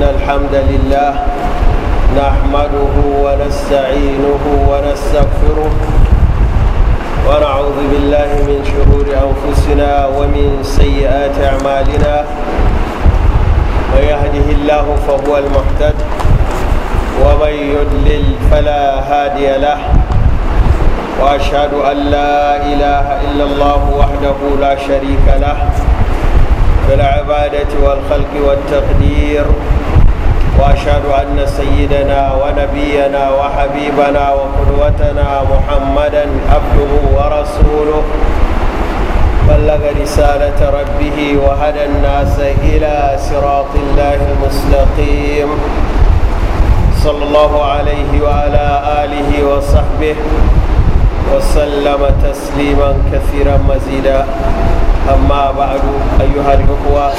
إن الحمد لله نحمده ونستعينه ونستغفره ونعوذ بالله من شرور أنفسنا ومن سيئات أعمالنا ويهده يهده الله فهو المحتد ومن يضلل فلا هادي له وأشهد أن لا إله إلا الله وحده لا شريك له في العبادة والخلق والتقدير واشهد ان سيدنا ونبينا وحبيبنا وقدوتنا محمدا عبده ورسوله بلغ رساله ربه وهدى الناس الى صراط الله المستقيم صلى الله عليه وعلى اله وصحبه وسلم تسليما كثيرا مزيدا amma ba'adu أما بعد أيها الإخوة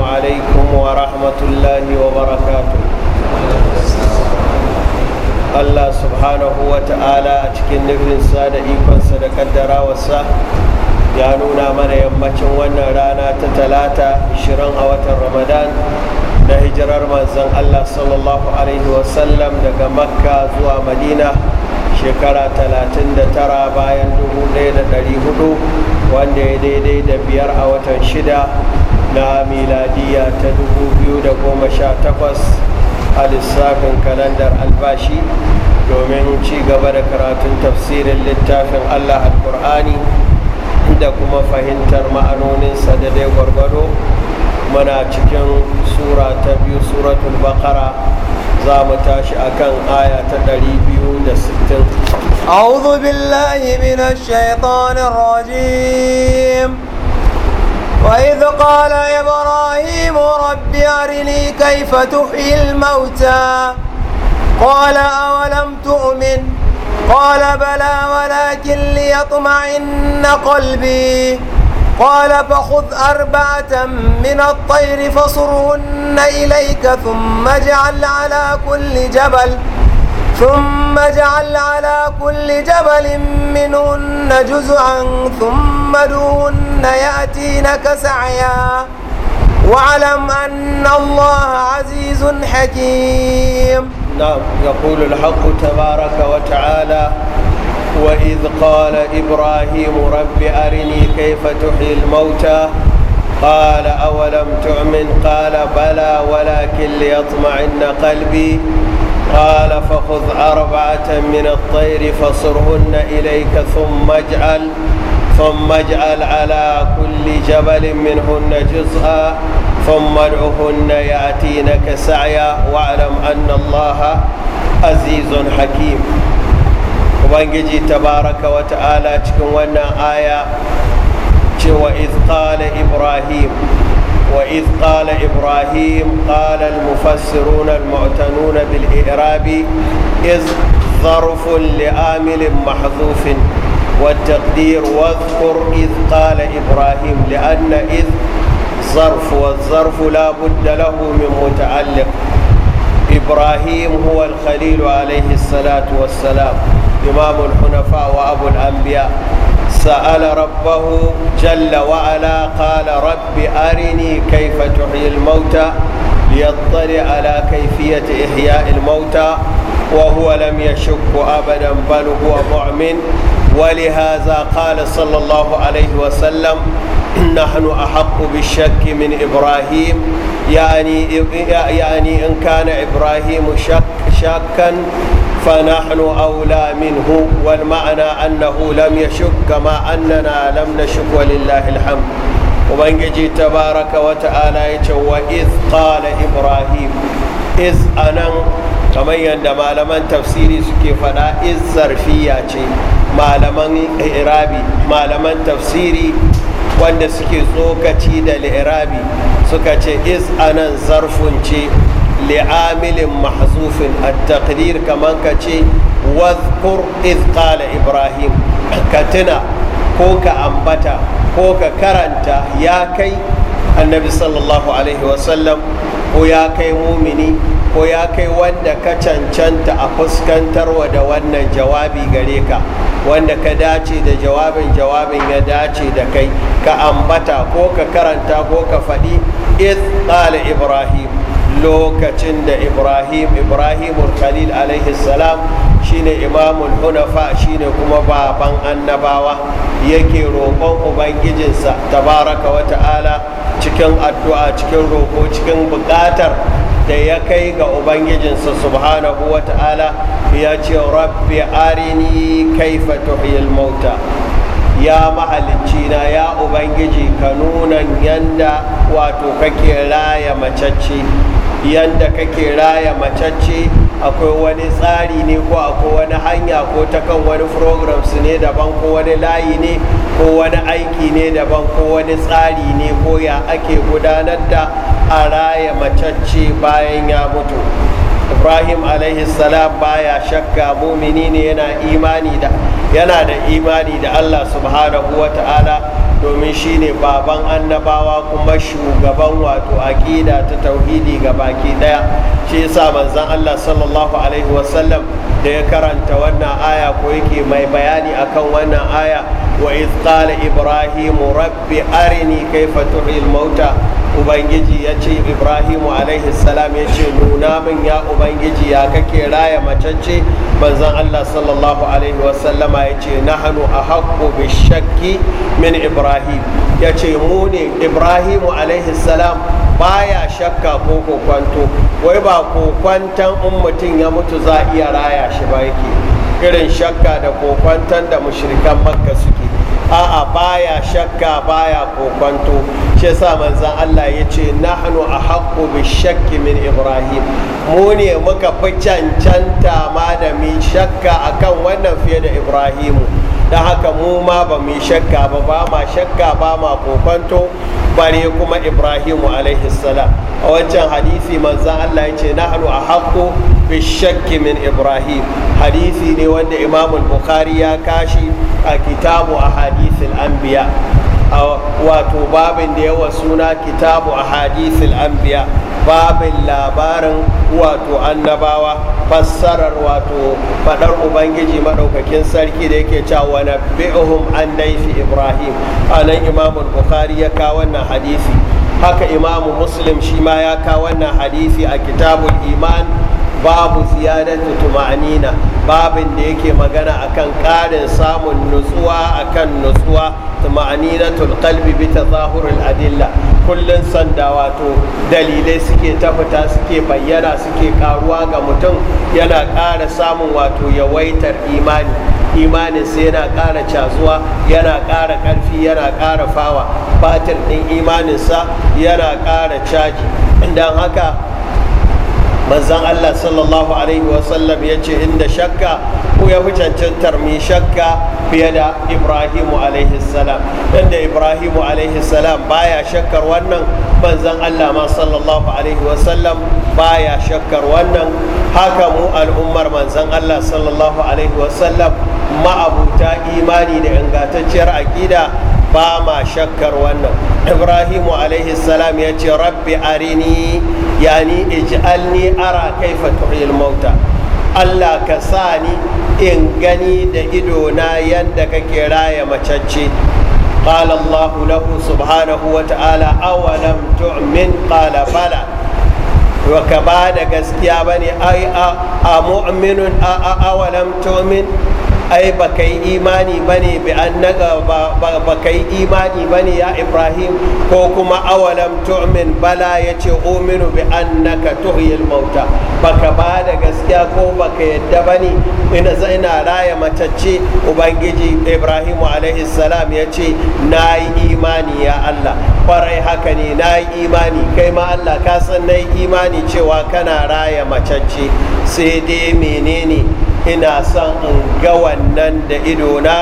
alaikum wa rahmatullahi wa وبركاته Allah subhanahu wa ta'ala a cikin nufin nufinsa da sa da sa ya nuna mana yammacin wannan rana ta talata 20 a watan ramadan na hijirar manzan Allah sallallahu alaihi wa sallam daga makka zuwa madina shekara 39 bayan 1400 wanda ya daidai da biyar a watan shida na miladiya ta 2018 a lissafin kalandar albashi domin ci gaba da karatun tafsirin littafin allah alkur'ani da kuma fahimtar ma'anoninsa da dai gwargwado muna cikin sura ta biyu suratul bakara za mu tashi akan aya ta 260 أعوذ بالله من الشيطان الرجيم وإذ قال إبراهيم رب أرني كيف تحيي الموتى قال أولم تؤمن قال بلى ولكن ليطمئن قلبي قال فخذ أربعة من الطير فصرهن إليك ثم اجعل على كل جبل ۖ ثم اجعل على كل جبل منهن جزعا ثم دون يأتينك سعيا واعلم أن الله عزيز حكيم نعم يقول الحق تبارك وتعالى وإذ قال إبراهيم رب أرني كيف تحيي الموتى قال أولم تؤمن قال بلى ولكن ليطمئن قلبي قال فخذ أربعة من الطير فصرهن إليك ثم اجعل ثم اجعل على كل جبل منهن جزءا ثم ادعهن يأتينك سعيا واعلم أن الله عزيز حكيم ubangiji tabaraka wa ta'ala cikin wannan aya cewa iz qala ibrahim وإذ قال إبراهيم قال المفسرون المعتنون بالإعراب إذ ظرف لآمل محذوف والتقدير واذكر إذ قال إبراهيم لأن إذ ظرف والظرف لا بد له من متعلق إبراهيم هو الخليل عليه الصلاة والسلام إمام الحنفاء وأبو الأنبياء سأل ربه جل وعلا قال رب أرني كيف تحيي الموتى ليطلع على كيفية إحياء الموتى وهو لم يشك أبدا بل هو مؤمن ولهذا قال صلى الله عليه وسلم نحن أحق بالشك من إبراهيم يعني يعني إن كان إبراهيم شك شاكا فنحن أولى منه والمعنى أنه لم يشك كما أننا لم نشك ولله الحمد وبنجي تبارك وتعالى وإذ قال إبراهيم إذ أنا كما يند malaman tafsiri suke fada iz zarfiya ce malaman irabi malaman tafsiri wanda suke tsokaci da li'irabi suka ce iz anan zarfun ce li'amilin mahzufin a taqdir kaman ka ce wadhkur iz qala ibrahim ka tuna ko ka ambata ko ka karanta ya kai annabi sallallahu alaihi ko ya kai mumini ko ya kai wanda ka cancanta a fuskantarwa da wannan jawabi gare ka wanda ka dace da jawabin jawabin ya dace da kai ka ambata ko ka karanta ko ka faɗi iz qala ibrahim lokacin da ibrahim ibrahimul khalil alaihi salam shine imamul hunafa shine kuma baban annabawa yake roƙon ubangijinsa tabaraka wa ta'ala cikin addu'a cikin roƙo cikin buƙatar da ya kai ga ubangijinsa subhanahu wa ta'ala ya ce rabbi arini kaifa tuhiyil mauta ya mahalicci na ya ubangiji ka nuna yanda wato kake raya macacci yadda kake raya macacce akwai wani tsari ne ko akwai wani hanya ko ta kan wani programs ne daban ko wani layi ne ko wani aiki ne daban ko wani tsari ne ko ya ake gudanar da a raya macacce bayan ya mutu ibrahim salam baya shakka mumini ne yana da imani da allah subhanahu wa ta'ala domin shine baban annabawa kuma shugaban wato aƙida ta tauhidi ga baki ɗaya shi yasa manzon Allah sallallahu alaihi wasallam da ya karanta wannan aya ko yake mai bayani akan wannan aya wa iz qala ibrahimu rabbi arini kai tuhil mauta ubangiji ya ce ibrahimu alaihi salam ya ce nuna min ya ubangiji ya kake raya macece manzon allah sallallahu alaihi wasallama ya ce hannu a haƙƙo bishakki min ibrahim ya ce mu ne ibrahimu alaihi salam baya shakka ko kokwanto wai ba kokwantan in mutum ya mutu za a iya raya shi ba yake irin shakka da kokwantan da mushrikan makka suke a'a baya shakka baya kokonto shi yasa manzan Allah ya ce nahnu bi bishakki min ibrahim mu ne muka fi cancanta ma da mi shakka akan wannan fiye da ibrahimu don haka mu ma ba mi shakka ba ba ma shakka ba ma kokonto bare kuma ibrahimu alaihi salam a wancan hadisi manzan allah ya ce nahnu a haƙo bishakki min ibrahim hadisi ne wanda imam bukhari ya kashi a kitabu a hadisil anbiya wato babin da yawa suna kitabu a hadisil anbiya babin labarin wato annabawa fassarar wato fadar ubangiji maɗaukakin sarki da yake cewa na bi'uhum an naifi ibrahim a nan imamun bukhari ya kawo wannan hadisi haka imamu muslim shi ma ya kawo wannan hadisi a kitabul iman babu ziyadatu tuma'anina babin da yake magana akan ƙarin samun nutsuwa akan nutsuwa tuma'aninatul qalbi bi tazahurul adilla Kullum sanda wato dalilai suke ta fita suke bayyana suke karuwa ga mutum yana ƙara samun wato yawaitar imani sai yana ƙara cazuwa yana ƙara ƙarfi yana ƙara fawa batir ɗin imaninsa yana ƙara caji don haka manzan allah sallallahu alaihi wasallam ya ce inda shakka ko ya fi cancantar mai shakka fiye da ibrahimu alaihi salam inda ibrahimu alaihi salam baya shakkar wannan manzan allah ma sallallahu alaihi wasallam baya shakkar wannan haka mu al'ummar manzan allah sallallahu alaihi wasallam ma'abuta imani da ingantacciyar aƙida ba ma shakkar wannan ibrahimu alaihi salam ya ce rabbi arini yani ij'alni ara kaifa tuhil mauta allah ka sa ni in gani da ido na yanda kake raya macacce قال الله له سبحانه وتعالى أولم تؤمن قال بلى وكبعد قسكيا بني أي أمؤمن أولم تؤمن ai ba yi imani ba ne ba kai imani ba ne ya ibrahim ko kuma awalam tu'min bala ya ce ominu bi annaka tuhyil mauta baka ba da gaskiya ko baka yadda ba ne ina zaina raya matacce ubangiji ibrahim alaihi salam ya ce na yi imani ya allah kwarai haka ne na yi imani kai ma allah ka san na yi imani cewa kana raya matacce sai dai menene ina son in ga wannan da idona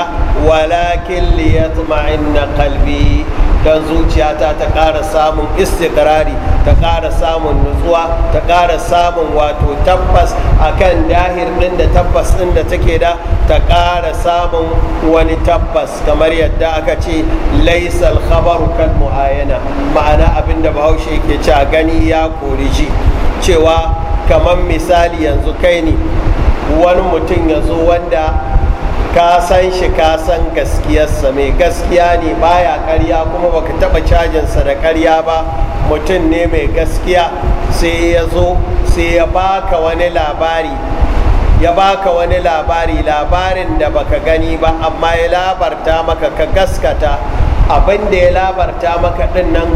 walakin liyatma'inna kalbi don zuciyata ta ƙara samun istikrari ta ƙara samun nutsuwa ta ƙara samun wato tabbas akan dahir din da tabbas din da take da ta ƙara samun wani tabbas kamar yadda aka ce laisal khabaru kan mu'ayana ma'ana abin da bahaushe ke ca gani ya kori cewa kamar misali yanzu kai ne wani mutum ya zo wanda ka san shi ka san gaskiyarsa mai gaskiya ne baya karya kuma baka taba cajinsa da karya ba mutum ne mai gaskiya sai ya zo sai ya baka wani labari ya baka wani labari labarin da baka gani ba amma ya labarta maka ka gaskata abin da ya labarta maka din nan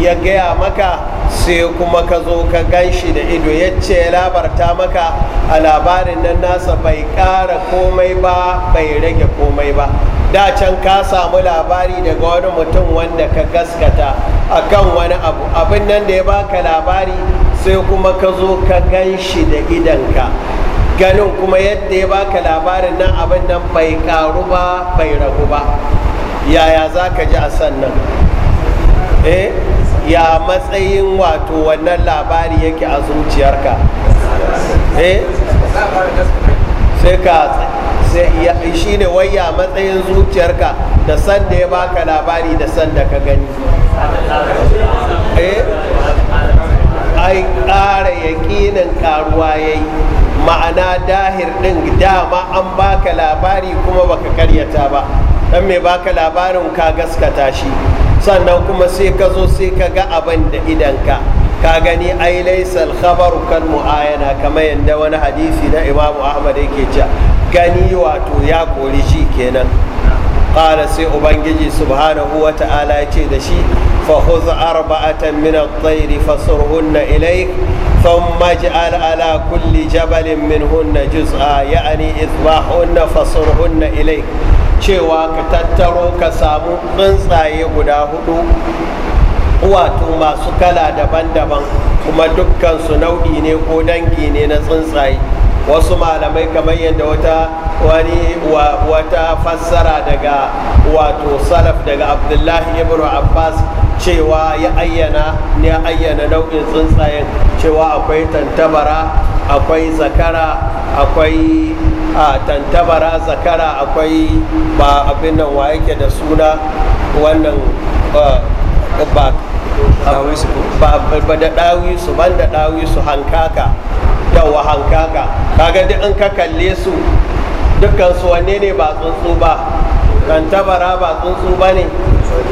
ya gaya maka sai kuma ka zo ka gan shi da ido ya ce ya labarta maka a labarin nan nasa bai ƙara komai ba bai rage komai ba da can ka samu labari daga wani mutum wanda ka gaskata akan wani abu abin nan da ya baka labari sai kuma ka zo ka gan shi da idanka ganin kuma yadda ya baka labarin nan abin nan bai karu ba bai ragu ba yaya za ka ji a sannan eh ya matsayin wato wannan labari yake a zuciyarka eh? sai ka shi ne ya matsayin zuciyarka da sanda ya baka labari da san ka gani eh? ai ƙara yaƙinin ƙaruwa ya yi ma'ana dahir ɗin dama an baka labari kuma baka karyata ba dan mai baka labarin ka gaskata shi sannan kuma sai ka zo sai ka ga abin da idanka ka gani ai laisal khabaru kan mu'ayana kamar yadda wani hadisi na imam ahmad yake cewa gani wato ya kori shi kenan qala sai ubangiji subhanahu wa ta'ala ya ce da shi fa khudh arba'atan min at-tayr fasurhunna ilayk thumma ij'al ala kulli jabalin minhunna juz'a ya'ni isbahunna fasurhunna ilayk cewa ka tattaro ka samu tsuntsaye guda hudu wato masu kala daban-daban kuma dukkansu nau'i ne ko dangi ne na tsuntsaye wasu malamai kamar yadda wata wani wata fassara daga wato salaf daga abdullahi Ibrahim abbas cewa ya ayyana ne ayyana nau'in tsuntsayen cewa akwai tantabara akwai zakara akwai a tantabara zakara akwai ba abin nan wa yake da suna wannan uh, ba ba da dawi su ban da dawi su hankaka yawa hankaka kaga duk in ka kalle su dukkan su wanne ne ba tsuntsu ba tantabara ba tsuntsu ba ne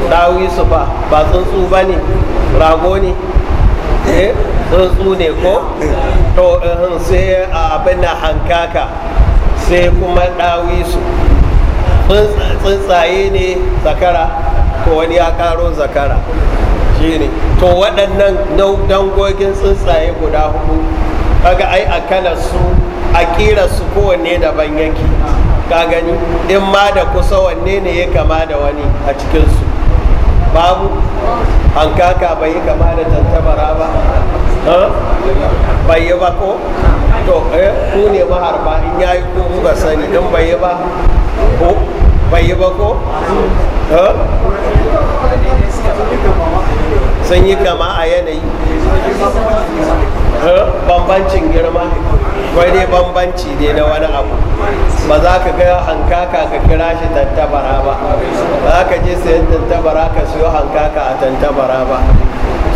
dawi su ba ba tsuntsu ba ne rago ne eh, tsuntsu ne ko to eh, sai abin na hankaka sai kuma ɗawisu tsuntsaye ne zakara ko wani ya ƙaro zakara shine to waɗannan dangogin tsuntsaye guda hudu kaga ai a kalar su a ƙira su kowanne daban yake ka gani in ma da kusa wanne ne ya kama da wani a cikinsu babu hankaka bai bai kama da tantabara ba bai yi ba ko to eh ku ne maharba in ya yi ko ba sani don bai yi ba ko bai yi ba ko eh? sun yi kama a yanayi eh, bambancin girma wai dai bambanci ne na wani abu ba za ka ga hankaka ka kira shi tantabara ba ba za ka je sayan tantabara ka siyo hankaka a tantabara ba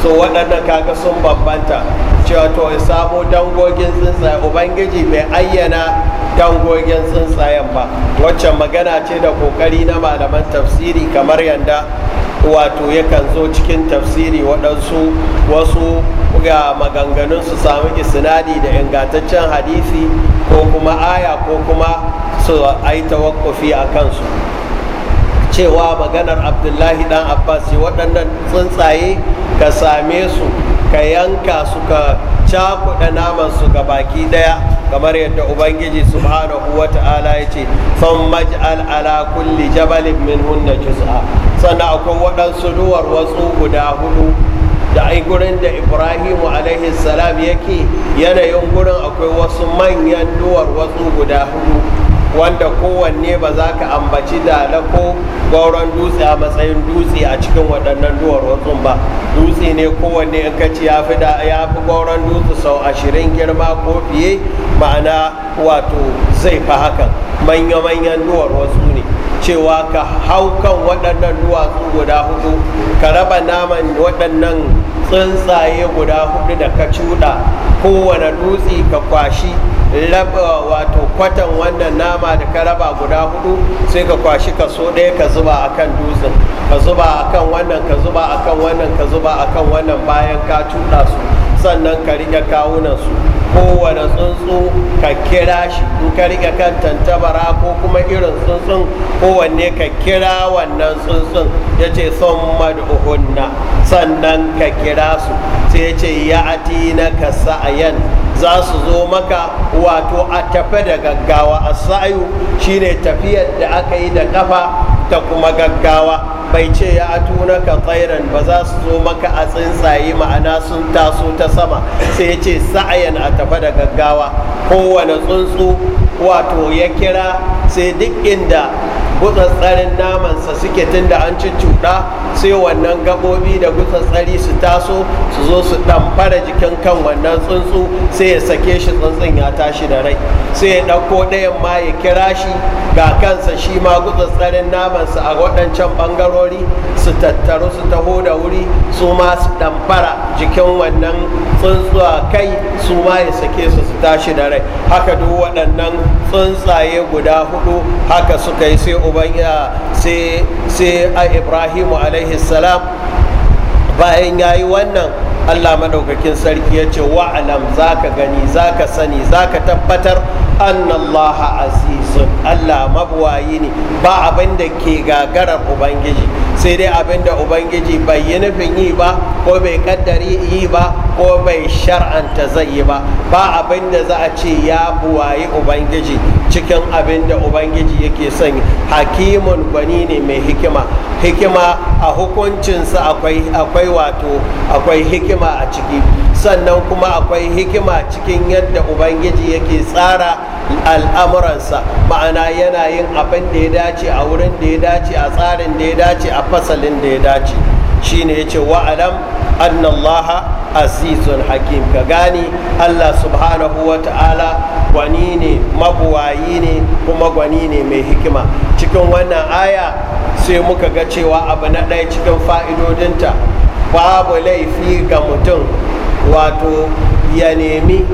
so waɗanda kaga sun bambanta cewa to ya samo dangogin tsuntsaye ubangiji bai ayyana dangogin tsuntsayen ba waccan magana ce da kokari na malaman tafsiri kamar yadda wato yakan zo cikin tafsiri waɗansu wasu ga maganganun su samu isnadi da ingantaccen hadisi ko kuma aya ko kuma su ai tawakkufi a kansu cewa maganar abdullahi dan abbas waɗannan tsuntsaye ka same su ka yanka suka ka cakuɗa naman su ga baki ɗaya kamar yadda ubangiji subhanahu wa ta'ala ya ce son maj'al ala kulli jabalin min hunna juz'a sannan akwai waɗansu duwar wasu guda hudu da ai gurin da ibrahimu alaihi salam yake yanayin gurin akwai wasu manyan duwar wasu guda hudu wanda kowanne ba za ka ambaci da na ko gauran dutse a matsayin dutse a cikin waɗannan duwarwatsun ba dutse ne kowanne in ka ci ya fi gauran dutse sau ashirin girma ko fiye ma'ana wato zai fi hakan manya-manyan duwarwatsu ne cewa ka hau kan waɗannan duwatsu guda hudu ka raba naman waɗannan tsuntsaye guda hudu da ka cuɗa kowane dutse ka kwashi wato kwatan wannan nama da ka raba guda hudu sai ka kwashi kaso ɗaya ka zuba a kan dutsen ka zuba a kan wannan ka zuba a kan wannan ka zuba a kan wannan bayan ka cuɗa su sannan ka riƙe kawunan su kowane tsuntsu ka kira shi in ka riƙe kan tantabara ko kuma irin tsuntsun kowanne ka kira wannan tsuntsun ya ce son mad'uhunna sannan ka kira su sai ya ce ya na ka sa'ayan za su zo maka wato a tafe da gaggawa a sa'ayu shine tafiyar da aka yi da kafa ta kuma gaggawa bai ce ya atuna ka tsairan ba za su zo maka a tsuntsaye ma'ana sun taso ta sama sai ya ce sa'ayan a tafe da gaggawa kowane tsuntsu wato ya kira sai duk inda tsarin namansa suke da an cuta sai wannan gabobi da tsari su taso su zo su ɗamfara jikin kan wannan tsuntsu sai ya sake shi tsuntsun ya tashi da rai sai ya ɗauko ɗayan ma ya kira shi ga kansa shi ma tsarin namansa a waɗancan ɓangarori su tattaru su taho da wuri su ma su ɗamfara jikin wannan tsuntsu a kai su ma ya sake su su tashi da rai haka duk waɗannan tsuntsaye guda hudu haka suka yi sai sai a ibrahimu alaihi salam bayan ya yi wannan allah maɗaukakin sarki ya ce wa'alam za ka gani za ka sani za ka tabbatar annallaha azizun allah mabuwayi ne ba abin da ke gagarar ubangiji sai dai abin da ubangiji bai yi nufin yi ba ko bai kaddari yi ba ko bai shar'anta zai yi ba ba abin da za a ce ya buwayi ubangiji cikin abin da ubangiji yake son hakimun gwani ne mai hikima hikima a hukuncinsa akwai wato akwai hikima a ciki sannan kuma akwai hikima cikin yadda ubangiji yake tsara al'amuransa ma'ana yana yin abin da ya dace a wurin da ya dace a tsarin da ya dace a fasalin da ya dace shine ya ce wa'alam annallaha azizun hakim ka gane allah subhanahu wa ta'ala gwani ne mabuwayi ne kuma gwani ne mai hikima cikin wannan aya sai muka ga cewa abu na ɗaya cikin fa'idodinta babu laifi ga mutum wato ya nemi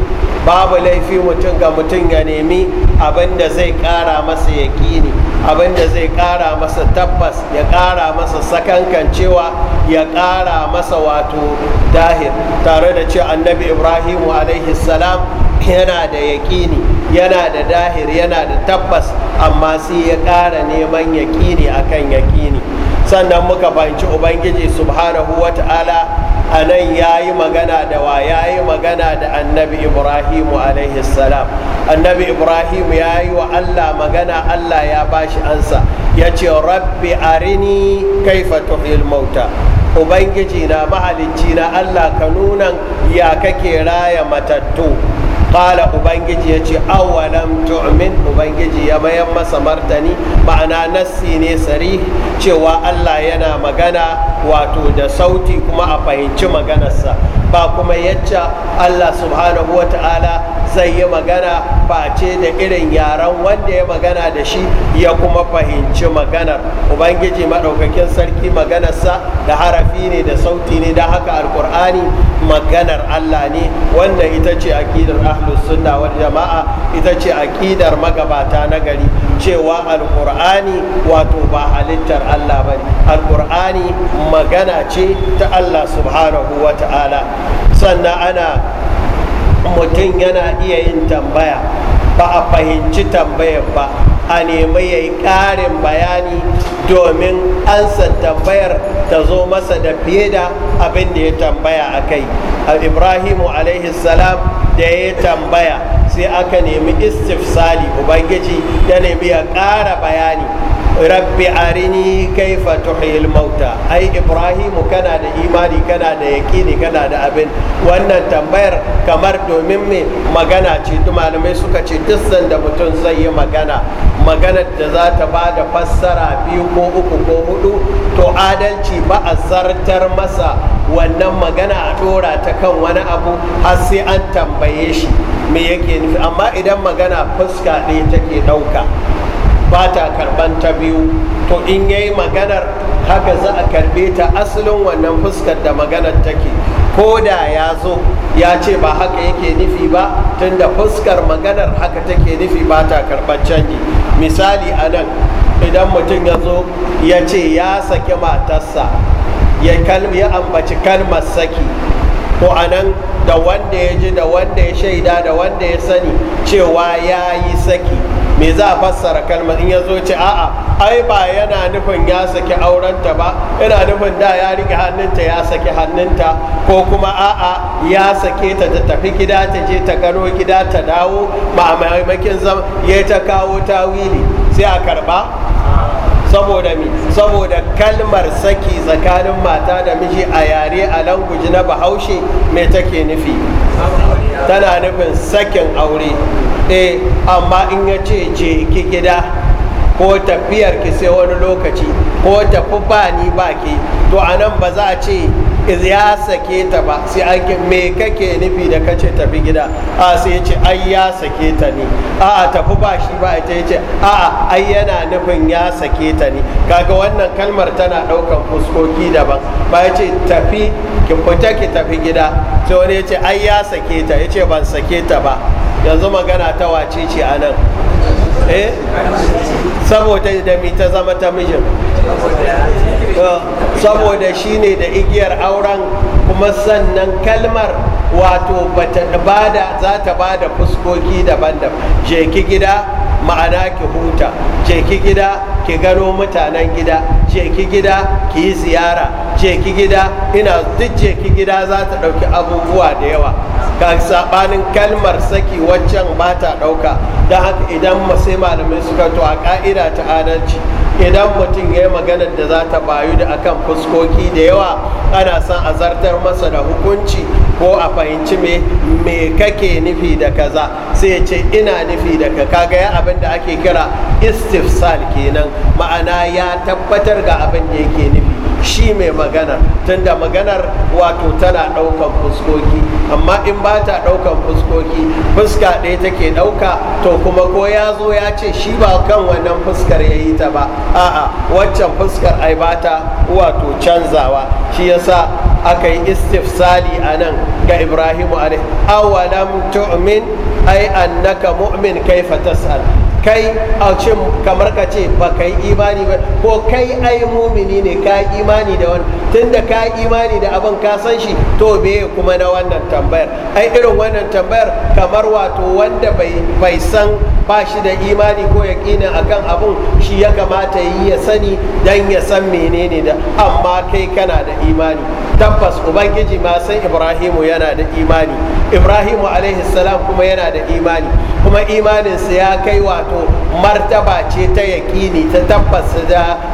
babu laifi mutum ga mutum ya nemi abinda zai kara masa yaƙini abinda zai kara masa tabbas ya kara masa sakankancewa ya kara masa wato dahir tare da ce annabi ibrahimu alaihi salam yana da yaƙini yana da dahir yana da tabbas amma sai ya kara neman yaƙini akan yaƙini sannan muka fahimci ubangiji subhanahu ta'ala a nan ya yi magana da wa ya yi magana da annabi ibrahimu alaihi salam annabi ibrahimu ya yi wa allah magana allah ya bashi ansa ya ce rabbi arini kaifa tuhil mauta ubangiji na mahalicci na allah ka nuna ya kake raya matattu kala ubangiji ya ce awalam tu'min ubangiji ya mayan masa martani ma'ana nassi ne sari cewa allah yana magana wato da sauti kuma a fahimci maganarsa ba kuma yacca allah subhanahu wa ta'ala zai yi magana face da irin yaren wanda ya magana da shi ya kuma fahimci maganar ubangiji maɗaukakin sarki maganarsa da harafi ne da sauti ne da haka alkur'ani maganar allah ne wanda ita ce akidar ahlus sunna jama'a ita ce akidar magabata na gari cewa alkur'ani wato ba halittar allah ba alkur'ani magana ce ta allah subhanahu wa ta'ala sannan ana mutum yana iya yin tambaya ba a fahimci tambayar ba a nemi ya yi ƙarin bayani domin ansa tambayar ta zo masa da fiye da abin da ya tambaya a kai ibrahimu salam da ya tambaya sai aka nemi istifsali ubangiji ya nemi ya ƙara bayani rabbi arini kaifa tuhil mauta ai ibrahimu kana da imani kana da yaƙini kana da abin wannan tambayar kamar domin me magana ce malamai suka ce duk sanda mutum zai yi magana maganar da za ta ba da fassara biyu ko uku ko hudu to adalci ba a zartar masa wannan magana a dora ta kan wani abu har sai an tambaye shi me yake nufi amma idan magana fuska ɗaya take ɗauka ba ta karban ta biyu to in yayi maganar haka za a karbe ta asalin wannan fuskar da maganar take ko da ya zo ya ce ba haka yake nufi ba tunda fuskar maganar haka take nufi ba ta karban canji misali a nan idan mutum ya zo ya ce ya saki matarsa ya ambaci kalmar saki ko a nan da wanda ya ji da wanda ya shaida da wanda ya sani cewa ya yi saki me za a fassara kalmar in ya zo ce a'a ai ba yana nufin ya saki aurenta ba yana nufin da ya rike hannunta ya saki hannunta ko kuma a'a ya sake ta ta tafi gida ta je ta gano gida ta dawo ba a maimakin zama ya ta kawo tawili sai a karba saboda mi saboda kalmar saki tsakanin mata da miji a yare a languji na bahaushe mai take nufi tana nufin sakin aure eh amma in ya ce je ki gida ko tafiyar ki sai wani lokaci ko tafi ba ni ba ki to a nan ba za a ce ya sake ta ba sai an me kake nufi da kace tafi gida a sai ya ce ai ya sake ta ne a tafi ba shi ba ita yace a ai yana nufin ya sake ta ne kaga wannan kalmar tana daukan fuskoki daban ba ce tafi ki fita ki tafi gida sai wani yace ai ya sake ta ce ban sake ta ba yanzu magana ta wace ce a nan eh saboda da ta zama ta mijin eh, saboda shi ne da igiyar auren kuma sannan kalmar wato bada za ta bada fuskoki daban-daban je gida ma'ana ki huta jeki gida ki gano mutanen gida jeki gida ki yi ziyara je ki gida ina duk je gida za ta ɗauki abubuwa da yawa ka sabanin kalmar saki waccan ba ta ɗauka don haka idan ma sai malamai suka to a ka'ida ta adalci idan mutum ya yi maganar da za ta bayu da akan fuskoki da yawa ana son a zartar masa da hukunci ko a fahimci me me kake nufi da kaza sai ce ina nufi da ka kaga ya abin da ake kira istifsal kenan ma'ana ya tabbatar ga abin da yake nufi shi mai magana tunda maganar wato tana ɗaukan fuskoki amma in ba ta ɗaukan fuskoki fuska ɗaya take ɗauka to kuma ko ya zo ya ce shi ba kan wannan fuskar ya yi ta ba a'a waccan fuskar ai ba ta wato canzawa shi yasa aka yi istifsali a nan ga ibrahimu alaihi awalam tu'min ai annaka mu'min kaifa tas'al kai a cin kamar ka ce ba ka yi imani ba ko kai ai mumini ne ka yi imani da wani tun da ka yi imani da abin ka san shi to be kuma na wannan tambayar ai irin wannan tambayar kamar wato wanda bai san ba shi da imani ko ya a akan abin shi ya kamata yi ya sani don ya san menene da amma kai kana da imani tabbas ubangiji ma san ibrahimu yana da imani ibrahimu alaihi salam kuma yana da imani kuma imaninsa ya kai wato wato martaba ce ta yaƙini ta tabbas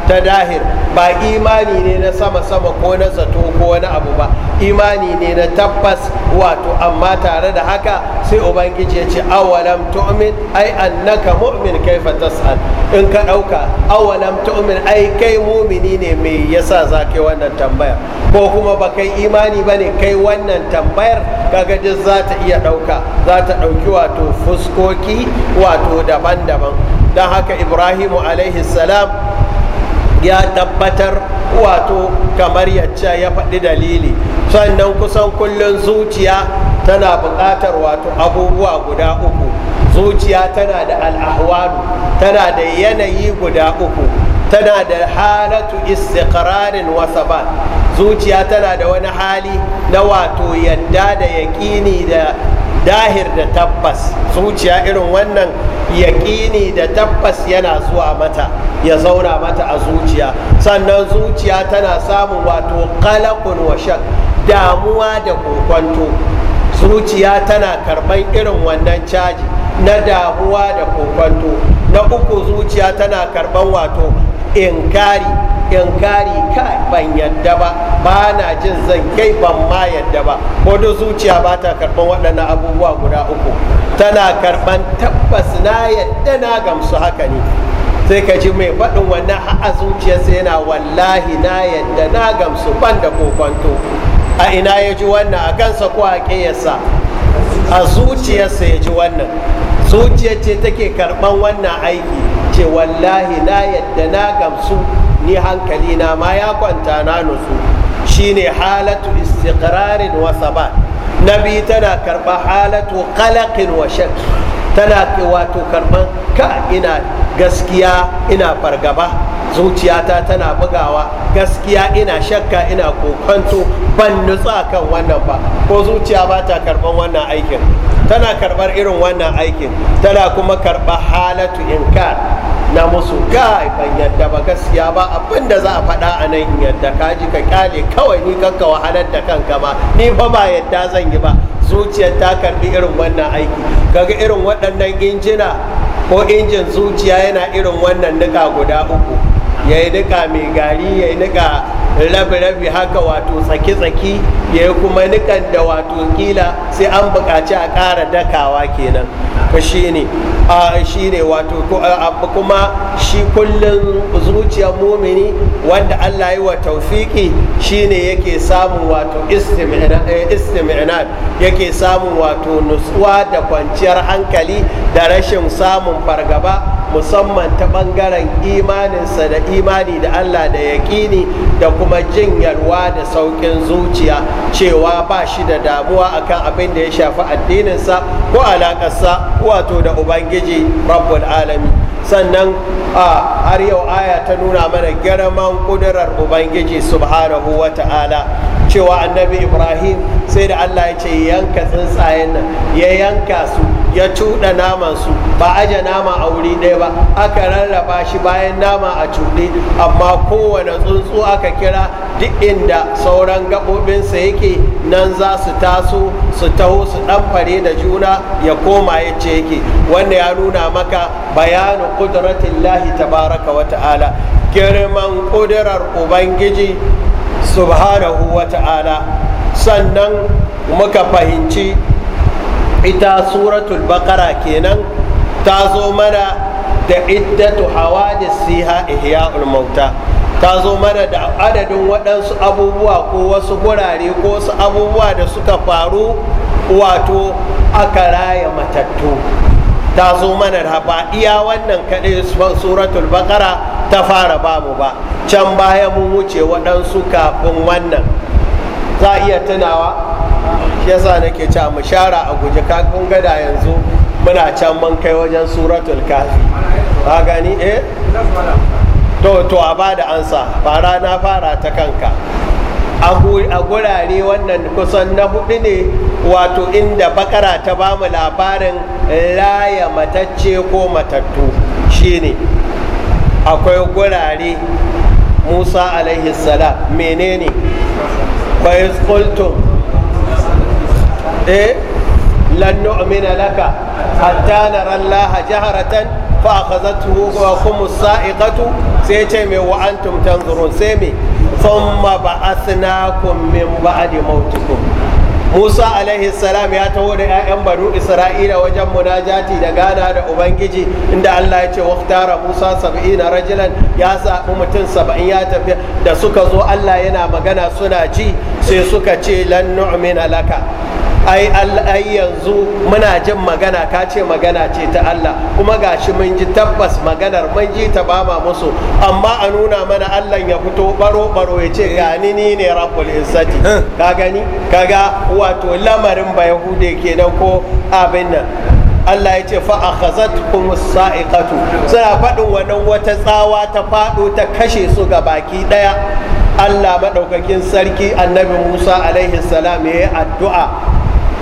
ta dahir ba imani ne na sama-sama ko na zato ko wani abu ba imani ne na tabbas wato amma tare da haka sai ubangiji ya ce awalam tu'min ai annaka mu'min kaifa tas'al in ka ɗauka awalam tu'min ai kai mumini ne me yasa za kai wannan tambaya ko kuma ba kai imani ba kai wannan tambayar kaga duk za ta iya dauka za ta dauki wato fuskoki wato daban daban don haka ibrahimu alaihi salam ya tabbatar wato kamar yacca ya faɗi dalili sannan kusan kullum zuciya tana buƙatar wato abubuwa guda uku zuciya tana da alahwalu tana da yanayi guda uku tana da halatu istiqrarin wasabat zuciya tana da wani hali na wato yadda da yaƙini da dahir da tabbas zuciya irin wannan yaƙini da tabbas yana zuwa mata ya zauna mata a zuciya sannan zuciya tana samun wato kalakun shan damuwa da kokwanto zuciya tana karɓar irin wannan caji na damuwa da kokwanto na uku zuciya tana karɓar wato inkari inkari kai ban yadda ba ba na jin zan kai ban ma yadda ba ko da zuciya ba ta karɓan waɗannan abubuwa guda uku tana karɓan tabbas na yadda na gamsu haka ne sai ka ji mai faɗin wannan a zuciyarsa yana wallahi na yadda na gamsu ban da kokonto a ina ya ji wannan a kansa ko a ƙeyarsa a zuciyarsa ya ji wannan zuciya ce take karban wannan aiki ce wallahi na yadda na gamsu ni hankali na ma ya kwanta na nutsu shine halatu istiqrarin wa na nabi tana karɓa halatu qalaqin wa shak tana wato karban ka ina gaskiya ina fargaba zuciyata tana bugawa gaskiya ina shakka ina kokonto ban nutsa kan wannan ba ko zuciya ba ta karɓar wannan aikin tana karɓar irin wannan aikin tana kuma karɓar halatu inkar na musu kai ban yadda ba gaskiya ba abin da za a faɗa a nan yadda ka ji ka kyale kawai ni kanka wahalar da kanka ba ni fa ba yadda zan yi ba zuciyar ta karbi irin wannan aiki kaga irin waɗannan injina ko injin zuciya yana irin wannan nika guda uku ya yi nika mai gari ya yi nika rabi-rabi haka wato tsaki-tsaki ya yi kuma nikan da wato kila sai an buƙaci a ƙara dakawa kenan shi ne shi ne wato kuma shi kullum zuciyar mumini wanda allah yi wa taufiki shi ne yake samun wato istimina. Eh, yake samun wato nutsuwa da kwanciyar hankali da rashin samun fargaba musamman ta ɓangaren imaninsa da imani da Allah da yaƙini da kuma jin yarwa da sauƙin zuciya cewa ba shi da damuwa akan abin da ya shafi addininsa ko alaƙarsa wato da ubangiji rabbul alami sannan a har yau aya ta nuna mana garaman ƙudurar ubangiji subhanahu wa ta'ala cewa annabi ibrahim sai da allah ya ce yanka tsuntsayen nan ya yanka su ya cuɗa naman su ba aje nama a wuri ɗaya ba aka rarraba shi bayan nama a cuɗe amma kowane tsuntsu aka kira duk inda sauran gaɓoɓinsa yake nan za su taso su taho su ɗanfare da juna ya koma ya yake wanda ya nuna maka bayanin ƙudratin tabaraka wa girman ƙudurar ubangiji subhanahu wa ta'ala sannan muka fahimci ita suratul baqara kenan ta zo mana da iddatu hawadis siha ihya'ul mauta ta zo mana da adadin waɗansu abubuwa ko wasu gurare ko wasu abubuwa da suka faru wato aka raya matattu ta zo mana da ba iya wannan kaɗai suratul baqara ta fara bamu ba can baya mun wuce waɗansu kafin wannan za a iya tunawa yasa nake cewa mu shara a guji kakun gada yanzu muna can man kai wajen suratul kafi ba gani eh to to a bada ansa fara na fara ta kanka a gurare wannan kusan na hudu ne wato inda bakara ta bamu labarin raya matacce ko matattu shine akwai gurare musa alaihi salam menene kwayis kultum eh lan nu'mina laka hatta nara Allah jaharatan fa akhadhatuhu wa qum sa'iqatu sai ce me wa tanzurun sai me thumma ba'athnakum min ba'di mautikum musa alaihi salam ya taho da 'ya'yan banu isra'ila wajen munajati da gana da ubangiji inda allah ya ce waktara musa saba'ina rajulan ya zaɓi mutum saba'in ya tafi da suka zo allah yana magana suna ji sai suka ce lan nu'mina laka ai yanzu muna jin magana ka ce magana ce ta Allah kuma gashi mun ji tabbas maganar mun ji ta bama musu amma a nuna mana Allah ya fito baro baro ya ce ga ni ne rabbul izzati ka gani kaga wato lamarin ba yahude kenan ko abin nan Allah ya ce fa'akazat kuma sa'iqatu suna faɗin wannan wata tsawa ta faɗo ta kashe su ga baki ɗaya Allah maɗaukakin sarki annabi Musa alaihi salam ya yi addu'a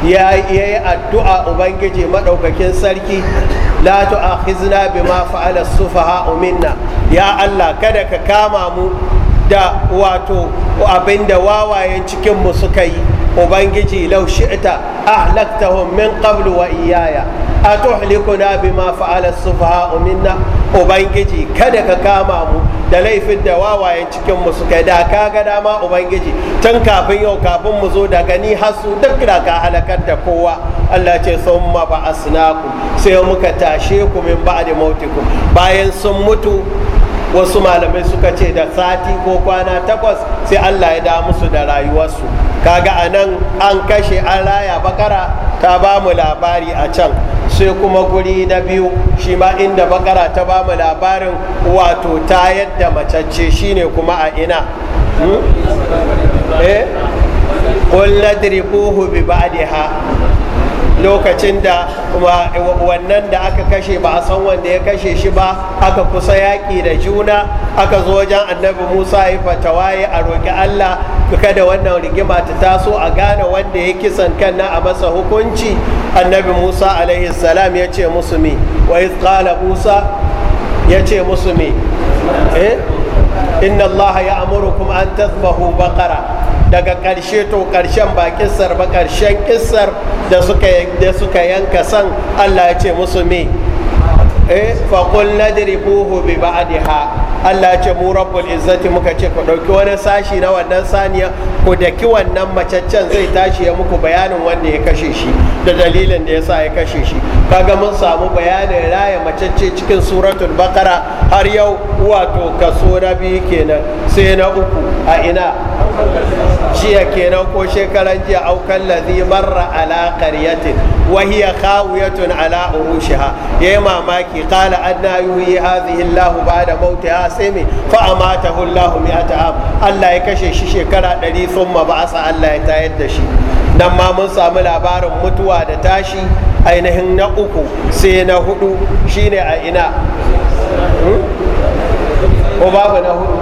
ya yi addu'a ubangiji maɗaukakin sarki la tu'akhizna bima fa'ala sufaha minna ya Allah kada ka kama mu da wato abinda wawayen cikin mu suka yi ubangiji law shi'ta ahlaktahum min qablu wa iyaya atuhlikuna bima fa'ala sufaha minna ubangiji kada ka kama mu da laifin da wawayen cikin mu suka da ka ga dama ubangiji tun kafin yau kafin mu zo da gani hasu duk da ka halakar da kowa Allah ce sun ma ba asnaku sai muka tashe ku min ba'di mautiku bayan sun mutu wasu malamai suka ce da sati ko kwana takwas sai allah ya da musu da rayuwarsu kaga a nan an kashe an raya bakara ta ba mu labari a can sai kuma guri na biyu shi ma inda bakara ta ba mu labarin wato ta yadda macacce ne kuma a ina hmm? eh? قل ندركوه ha. lokacin da wannan da aka kashe ba a san wanda ya kashe shi ba aka kusa yaƙi da juna aka zo wajen annabi musa ya fatawaye a roƙi allah kada wannan rigima ta taso a gane wanda ya kisan kan na a masa hukunci annabi musa alaihi salam ya ce musu me wa qala musa ya ce musu me eh inna allaha an tazbahu baqara daga ƙarshe to ƙarshen ba kissar ba ƙarshen kissar da suka yanka san allah ya ce musu me eh faƙon nadribuhu bi ha Allah ce mu rabbul izzati muka ce ku ɗauki wani sashi na wannan saniya ku daki wannan macaccen zai tashi ya muku bayanin wanda ya kashe shi da dalilin da yasa ya kashe shi kaga mun samu bayanin raya macacce cikin suratul bakara har yau wato kaso na biyu kenan sai na uku a ina jiya kenan ko shekaran jiya aukan ladhi marra ala qaryatin وهي خاوية على عروشها يا ماكي قال أن يحيي هذه الله بعد موتها سمي فأماته الله مئة عام الله يكشي شيشي كرا لدي ثم بعث الله يتايدشي نما من سامي لابار متوى دتاشي ainihin na uku sai na hudu shine a ina ko babu na hudu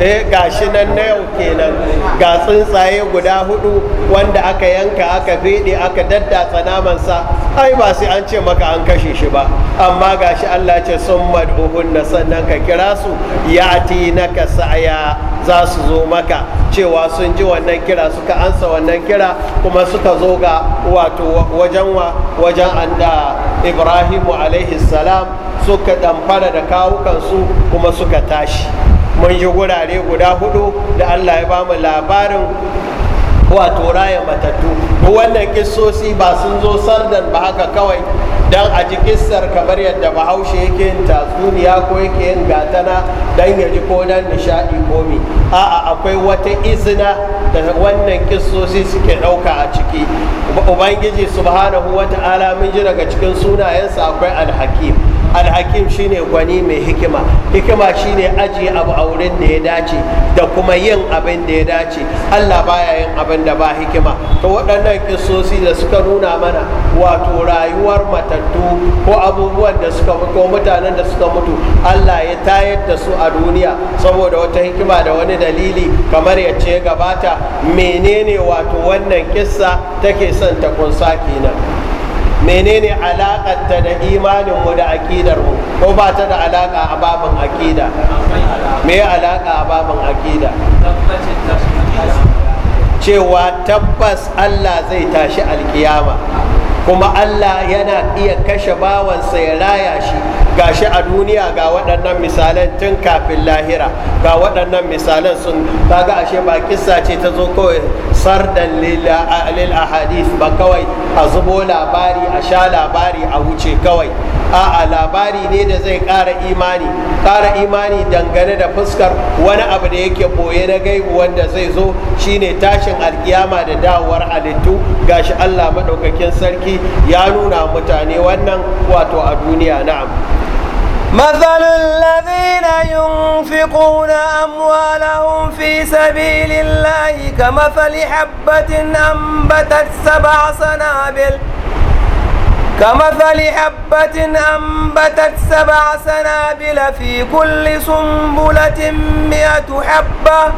eh gashi nan na yau kenan ga tsuntsaye guda hudu wanda aka yanka aka fede aka daddatsa namansa ai ba sai an ce maka an kashe shi ba amma ga shi Allah ce sun mad'uhun na sannan ka kira su ya ati na ka sa'aya za su zo maka cewa sun ji wannan kira suka ansa wannan kira kuma suka zo ga wato wajen wa wajen anda ibrahimu alaihi salam suka damfara da kawukan su kuma suka tashi mun ji gurare guda hudu da allah ya ba mu labarin wato raya matattu wannan kissosi ba sun zo sardan ba haka kawai don a ji kissar kamar yadda bahaushe yake yin tatsuniya ko yake yin gatana don ya ji ko don nishaɗi ko mi a'a akwai wata izina da wannan kissosi suke ɗauka a ciki ubangiji subhanahu wata'ala mun ji daga cikin sunayensa akwai alhakim alhakim shine gwani mai hikima hikima shine aji abu a wurin da ya dace da kuma yin abin da ya dace allah baya yin abin da ba hikima to waɗannan kisosi da suka nuna mana wato rayuwar matattu ko abubuwan da suka ko mutanen da suka mutu allah ya tayar da su a duniya saboda wata hikima da wani dalili kamar ya ce gabata menene wato wannan kissa take son ta kunsa kenan menene alaƙarta da imaninmu da mu ko ba ta da alaƙa a babin akida? me alaƙa a babin aƙida cewa tabbas allah zai tashi alkiyama kuma Allah yana iya kashe bawansa ya raya shi gashi a duniya ga waɗannan misalan tun kafin lahira ga waɗannan misalan sun kaga ashe ba kissa ce ta zo kawai sardan lil ahadith ba kawai a zubo labari a sha labari a wuce kawai a'a labari ne da zai ƙara imani ƙara imani dangane da fuskar wani abu da yake boye na gaibu wanda zai zo shine tashin alkiyama da dawowar ga shi Allah maɗaukakin sarki ya nuna mutane wannan wato a duniya na'am مثل الذين ينفقون أموالهم في سبيل الله كمثل حبة أنبتت سبع سنابل كمثل حبة أنبتت سبع سنابل في كل سنبلة مئة حبة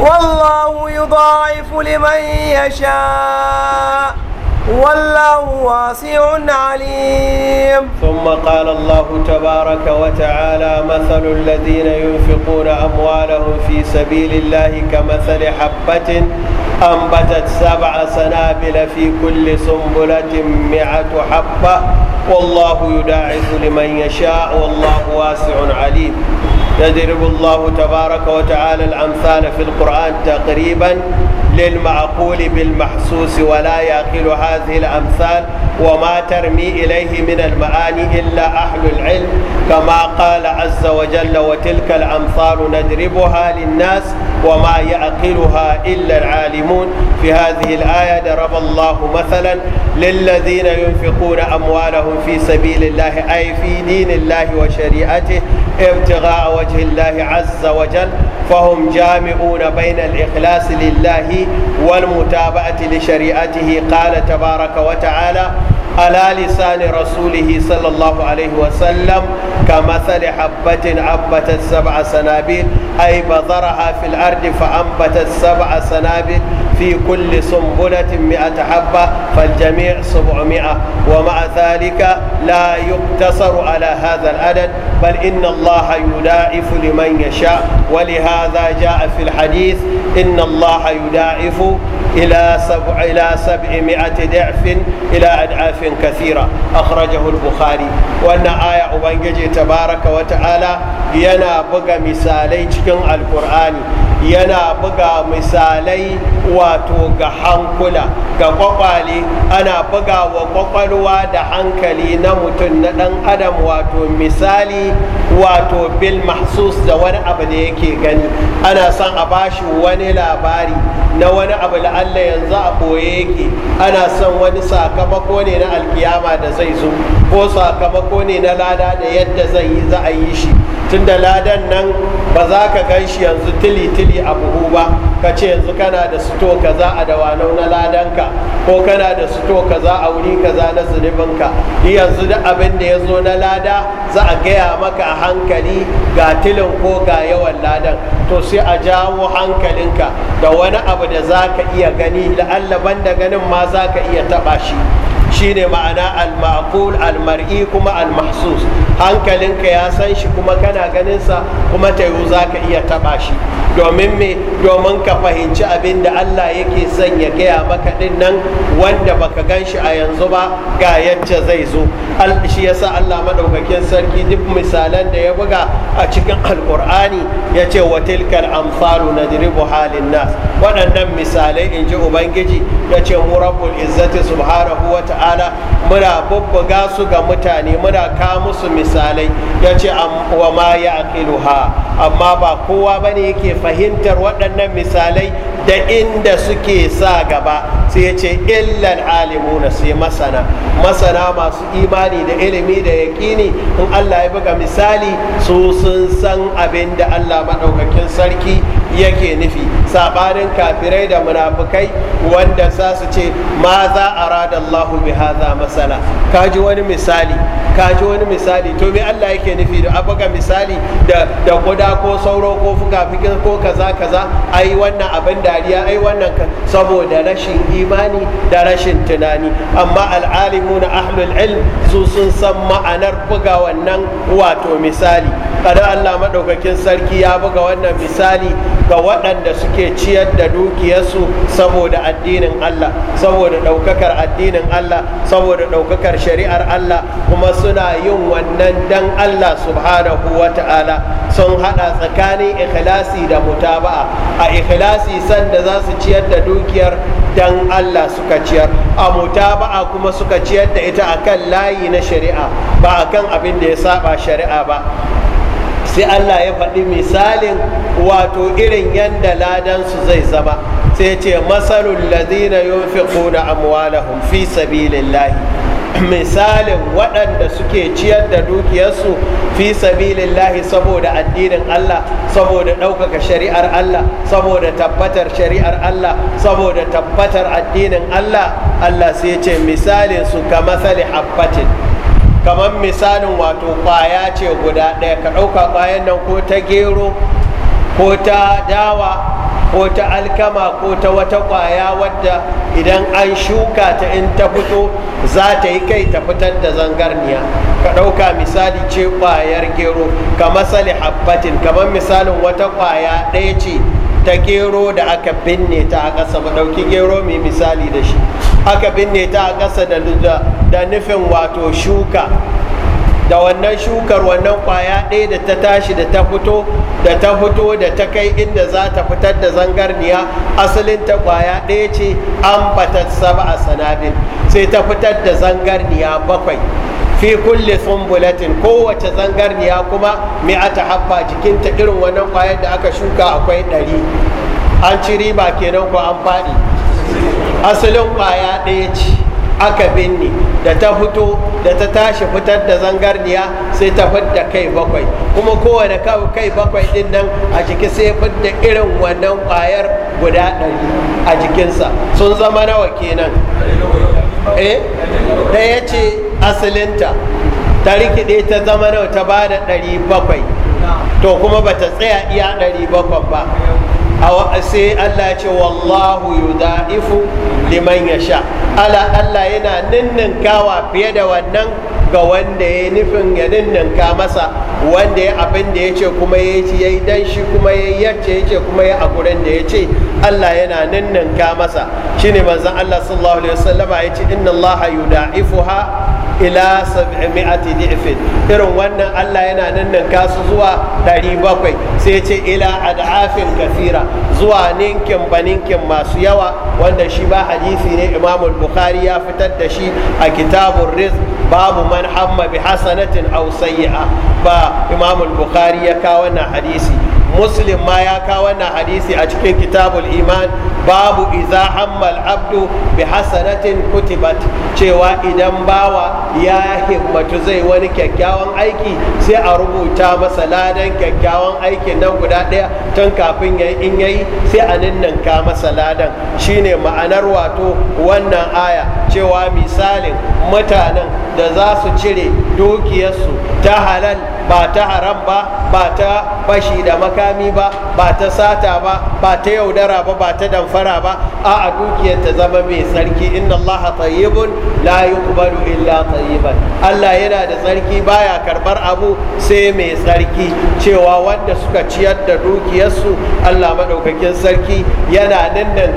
والله يضاعف لمن يشاء والله واسع عليم ثم قال الله تبارك وتعالى مثل الذين ينفقون أموالهم في سبيل الله كمثل حبة أنبتت سبع سنابل في كل سنبلة مئة حبة والله يداعس لمن يشاء والله واسع عليم يضرب الله تبارك وتعالى الأمثال في القرآن تقريبا للمعقول بالمحسوس ولا يأكل هذه الأمثال وما ترمي إليه من المعاني إلا أهل العلم كما قال عز وجل وتلك الأمثال نضربها للناس وما يعقلها إلا العالمون في هذه الآية ضرب الله مثلا للذين ينفقون أموالهم في سبيل الله أي في دين الله وشريعته ابتغاء وجه الله عز وجل فهم جامعون بين الإخلاص لله والمتابعة لشريعته قال تبارك وتعالى على لسان رسوله صلى الله عليه وسلم كمثل حبة أنبتت سبع سنابل أي بذرها في الأرض فأنبتت سبع سنابل في كل سنبلة مئة حبة فالجميع سبعمائة ومع ذلك لا يقتصر على هذا العدد بل إن الله يداعف لمن يشاء ولهذا جاء في الحديث إن الله يداعف إلى سبع إلى سبعمائة ضعف إلى أضعاف كثيرة أخرجه البخاري وأن آية أبنجي تبارك وتعالى ينا بقى مثالي تكن القرآن yana buga misalai wato ga hankula ga kwakwale ana buga wa kwakwalwa da hankali na mutum na dan adam wato misali wato bil mahsus da wani abu da yake gani ana san a bashi wani labari na wani abu da Allah yanzu a ɓoye yake ana son wani sakamako ne na alkiyama da zai zo ko sakamako ne na lada da yadda zai yi za a yi shi tunda ladan nan ba za ka gan shi yanzu tili-tili a buhu ba ka ce yanzu kana da sito kaza a dawanau na ladanka ko kana da sito kaza a wuri kaza na zunubinka yanzu da abin da ya zo na lada za a gaya maka a hankali ga tilin ko ga yawan ladan to sai a jawo hankalinka da wani abu da za ka iya iya gani banda ganin ma za ka iya taɓa shi shine ma'ana al-ma'qul al-mar'i kuma al-mahsus hankalinka ya san shi kuma kana ganin sa kuma tayo za ka iya taɓa shi domin me domin ka fahimci abin da Allah yake son ya gaya maka din nan wanda baka gan shi a yanzu ba ga yadda zai zo shi yasa Allah madaukakin sarki duk misalan da ya buga a cikin alkur'ani ya ce wa tilkal amsalu nadribu halin nas waɗannan misalai in ji ubangiji ya ce mu rabbul izzati subhanahu wa ta'ala muna bubbuga su ga mutane muna ka musu misalai ya ce wa ma ya aqiluha amma ba kowa ba ne yake fahimtar waɗannan misalai da inda suke sa gaba sai ya ce illan alimuna sai masana masana masu imani da ilimi da yaƙini in allah ya buga misali su sun san abin da allah maɗaukakin sarki yake nufi saɓanin kafirai da munafukai wanda za su ce ma za a radallahu bi haza masala kaji wani misali kaji wani misali to me Allah yake nufi da abuga misali da da kuda ko sauro ko fukafikin ko kaza kaza ai wannan abin dariya ai wannan saboda rashin imani da rashin tunani amma al'alimu na ahlul ilm su sun san ma'anar buga wannan wato misali kada Allah madaukakin sarki ya buga wannan misali ga waɗanda suke suke ciyar da dukiyarsu saboda addinin Allah saboda ɗaukakar addinin Allah saboda ɗaukakar shari'ar Allah kuma suna yin wannan dan Allah subhanahu wa ta'ala sun haɗa tsakanin ikhlasi da mutaba'a a ikhlasi sanda za su ciyar da dukiyar dan Allah suka ciyar a mutaba'a kuma suka ciyar da ita akan layi na shari'a ba akan abin da ya saba shari'a ba sai Allah ya faɗi misalin wato irin yanda ladansu zai zama sai ce masalul ladina yunfiquna amwalahum fi sabilillahi misalin waɗanda suke ciyar da dukiyarsu fi sabilillahi saboda addinin Allah saboda ɗaukaka shari'ar Allah saboda tabbatar shari'ar Allah saboda tabbatar addinin Allah Allah sai ce misalin su ka habbatin kamar misalin wato kwaya ce guda ɗaya ka ɗauka kwayan nan ko ta gero ko ta dawa ko ta alkama ko ta wata kwaya wadda idan an shuka ta in ta fito za ta yi kai ta fitar da zangarniya ka ɗauka misali ce kwayar gero ka masali habbatin kamar misalin wata kwaya ɗaya ce ta gero da aka binne ta a ƙasa ba ɗauki gero mai misali da shi aka binne ta a ƙasa da nufin wato shuka da wannan shukar wannan kwaya ɗaya da ta tashi da ta fito da ta fito da ta kai inda za ta fitar da zangarniya asalin ta kwaya ɗaya ce an batar saba a sanabin sai ta fitar da zangarniya bakwai fi kulle sumbulatin kowace zangarniya kuma mai ata habba jikinta irin wannan kwayar da aka shuka akwai ɗari an ci riba kenan ko an faɗi asalin kwaya ɗaya ce aka binne da ta fito da ta tashi fitar da zangarniya sai ta fidda kai bakwai kuma kowane kai bakwai din nan a jiki sai fidda irin wannan kwayar guda ɗari a jikinsa sun zama nawa kenan eh ɗaya ce asalinta ta rikide ta zama nawa ta ba da ɗari bakwai to kuma ba ta tsaya iya ɗari bakwai ba sai Allah ya ce wallahu yudaifu liman yasha ala Allah yana ninninkawa fiye da wannan ga wanda ya nufin ya ninninka masa wanda ya abin da ya ce kuma ya ci ya yi dan shi kuma ya yace ya ce kuma ya a gurin da ya ce Allah yana ninninka masa shine manzon Allah sallallahu alaihi wasallama ya ce inna Allah yuda'ifuha ila sab'ati di'fin irin wannan Allah yana nan kasu zuwa 700 sai ce ila ad'afin kafira zuwa ninkin baninkin masu yawa wanda shi ba hadisi ne Imam Bukhari ya fitar da shi a kitabun rizq babu man hamma bi hasanatin aw sayyi'a ba Imam Bukhari ya kawo wannan hadisi muslim ma ya kawo wannan hadisi a cikin kitabul iman babu iza hammal abdu bi hasanatin kutibat cewa idan bawa ya himmatu zai wani kyakkyawan aiki sai a rubuta masa ladan kyakkyawan aikin nan guda ɗaya tun kafin ya in yayi sai a ninninka masa ladan shine ma'anar wato wannan aya cewa misalin mutanen da za su cire dukiyarsu ta halal ba ta haram ba ba ta fashi da maka makami ba ba ta sata ba ba ta yaudara ba ba ta damfara ba a a dukiyar ta zama mai tsarki inna Allah tayyibun la yuqbalu illa tayyiban Allah yana da tsarki baya karbar abu sai mai tsarki cewa wanda suka ciyar da dukiyarsu Allah maɗaukakin sarki yana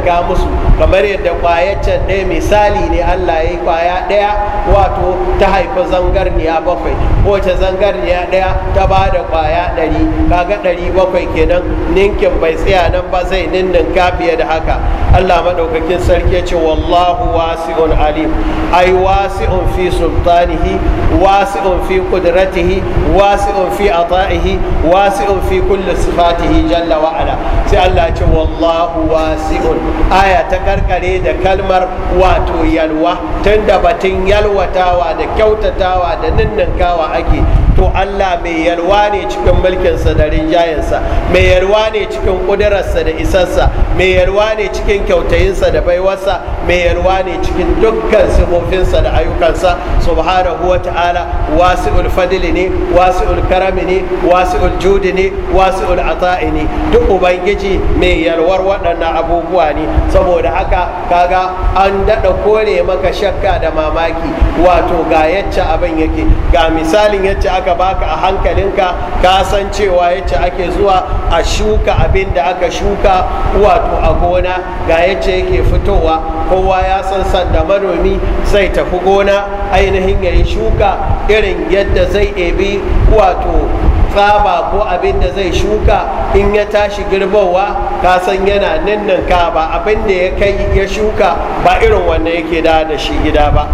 ga musu kamar yadda kwayaccen ɗaya misali ne Allah ya yi kwaya ɗaya wato ta haifi zangarniya bakwai kowace zangarniya ɗaya ta ba da ƙwaya ɗari kaga ɗari bakwai kenan ninkin bai tsaya nan ba zai ninnin fiye da haka allah maɗaukakin sarki ya ce wallahu wasi'un alim ai wasi'un fi sultanihi wasi'un fi kudratihi wasi'un fi ata'ihi wasi'un fi kulli sifatihi jalla wa ala sai allah ce wallahu wasi'un aya ta karkare da kalmar wato yalwa tunda batun yalwatawa da kyautatawa da ninninkawa ake ko Allah mai yalwa ne cikin mulkinsa da rinjayensa mai yalwa ne cikin ƙudurarsa da isarsa mai yalwa ne cikin kyautayinsa da baiwarsa mai yalwa ne cikin dukkan sifofinsa da ayyukansa subhanahu wa ta'ala wasi'ul fadli ne wasi'ul karami ne wasi'ul judi ne wasi'ul ata'i ne duk ubangiji mai yalwar waɗannan abubuwa ne saboda haka kaga an daɗa kone maka shakka da mamaki wato ga yacce abin yake ga misalin yacce aka aka baka a hankalinka ka san cewa yace ake zuwa a shuka abin da aka shuka wato a gona ga yace yake fitowa kowa ya san da manomi zai tafi gona ainihin ya yi shuka irin yadda zai ebi wato tsaba ko abin da zai shuka in ya tashi girbowa ka san yana ninninka ba abin da ya kai ya shuka ba irin wannan yake da da shi gida ba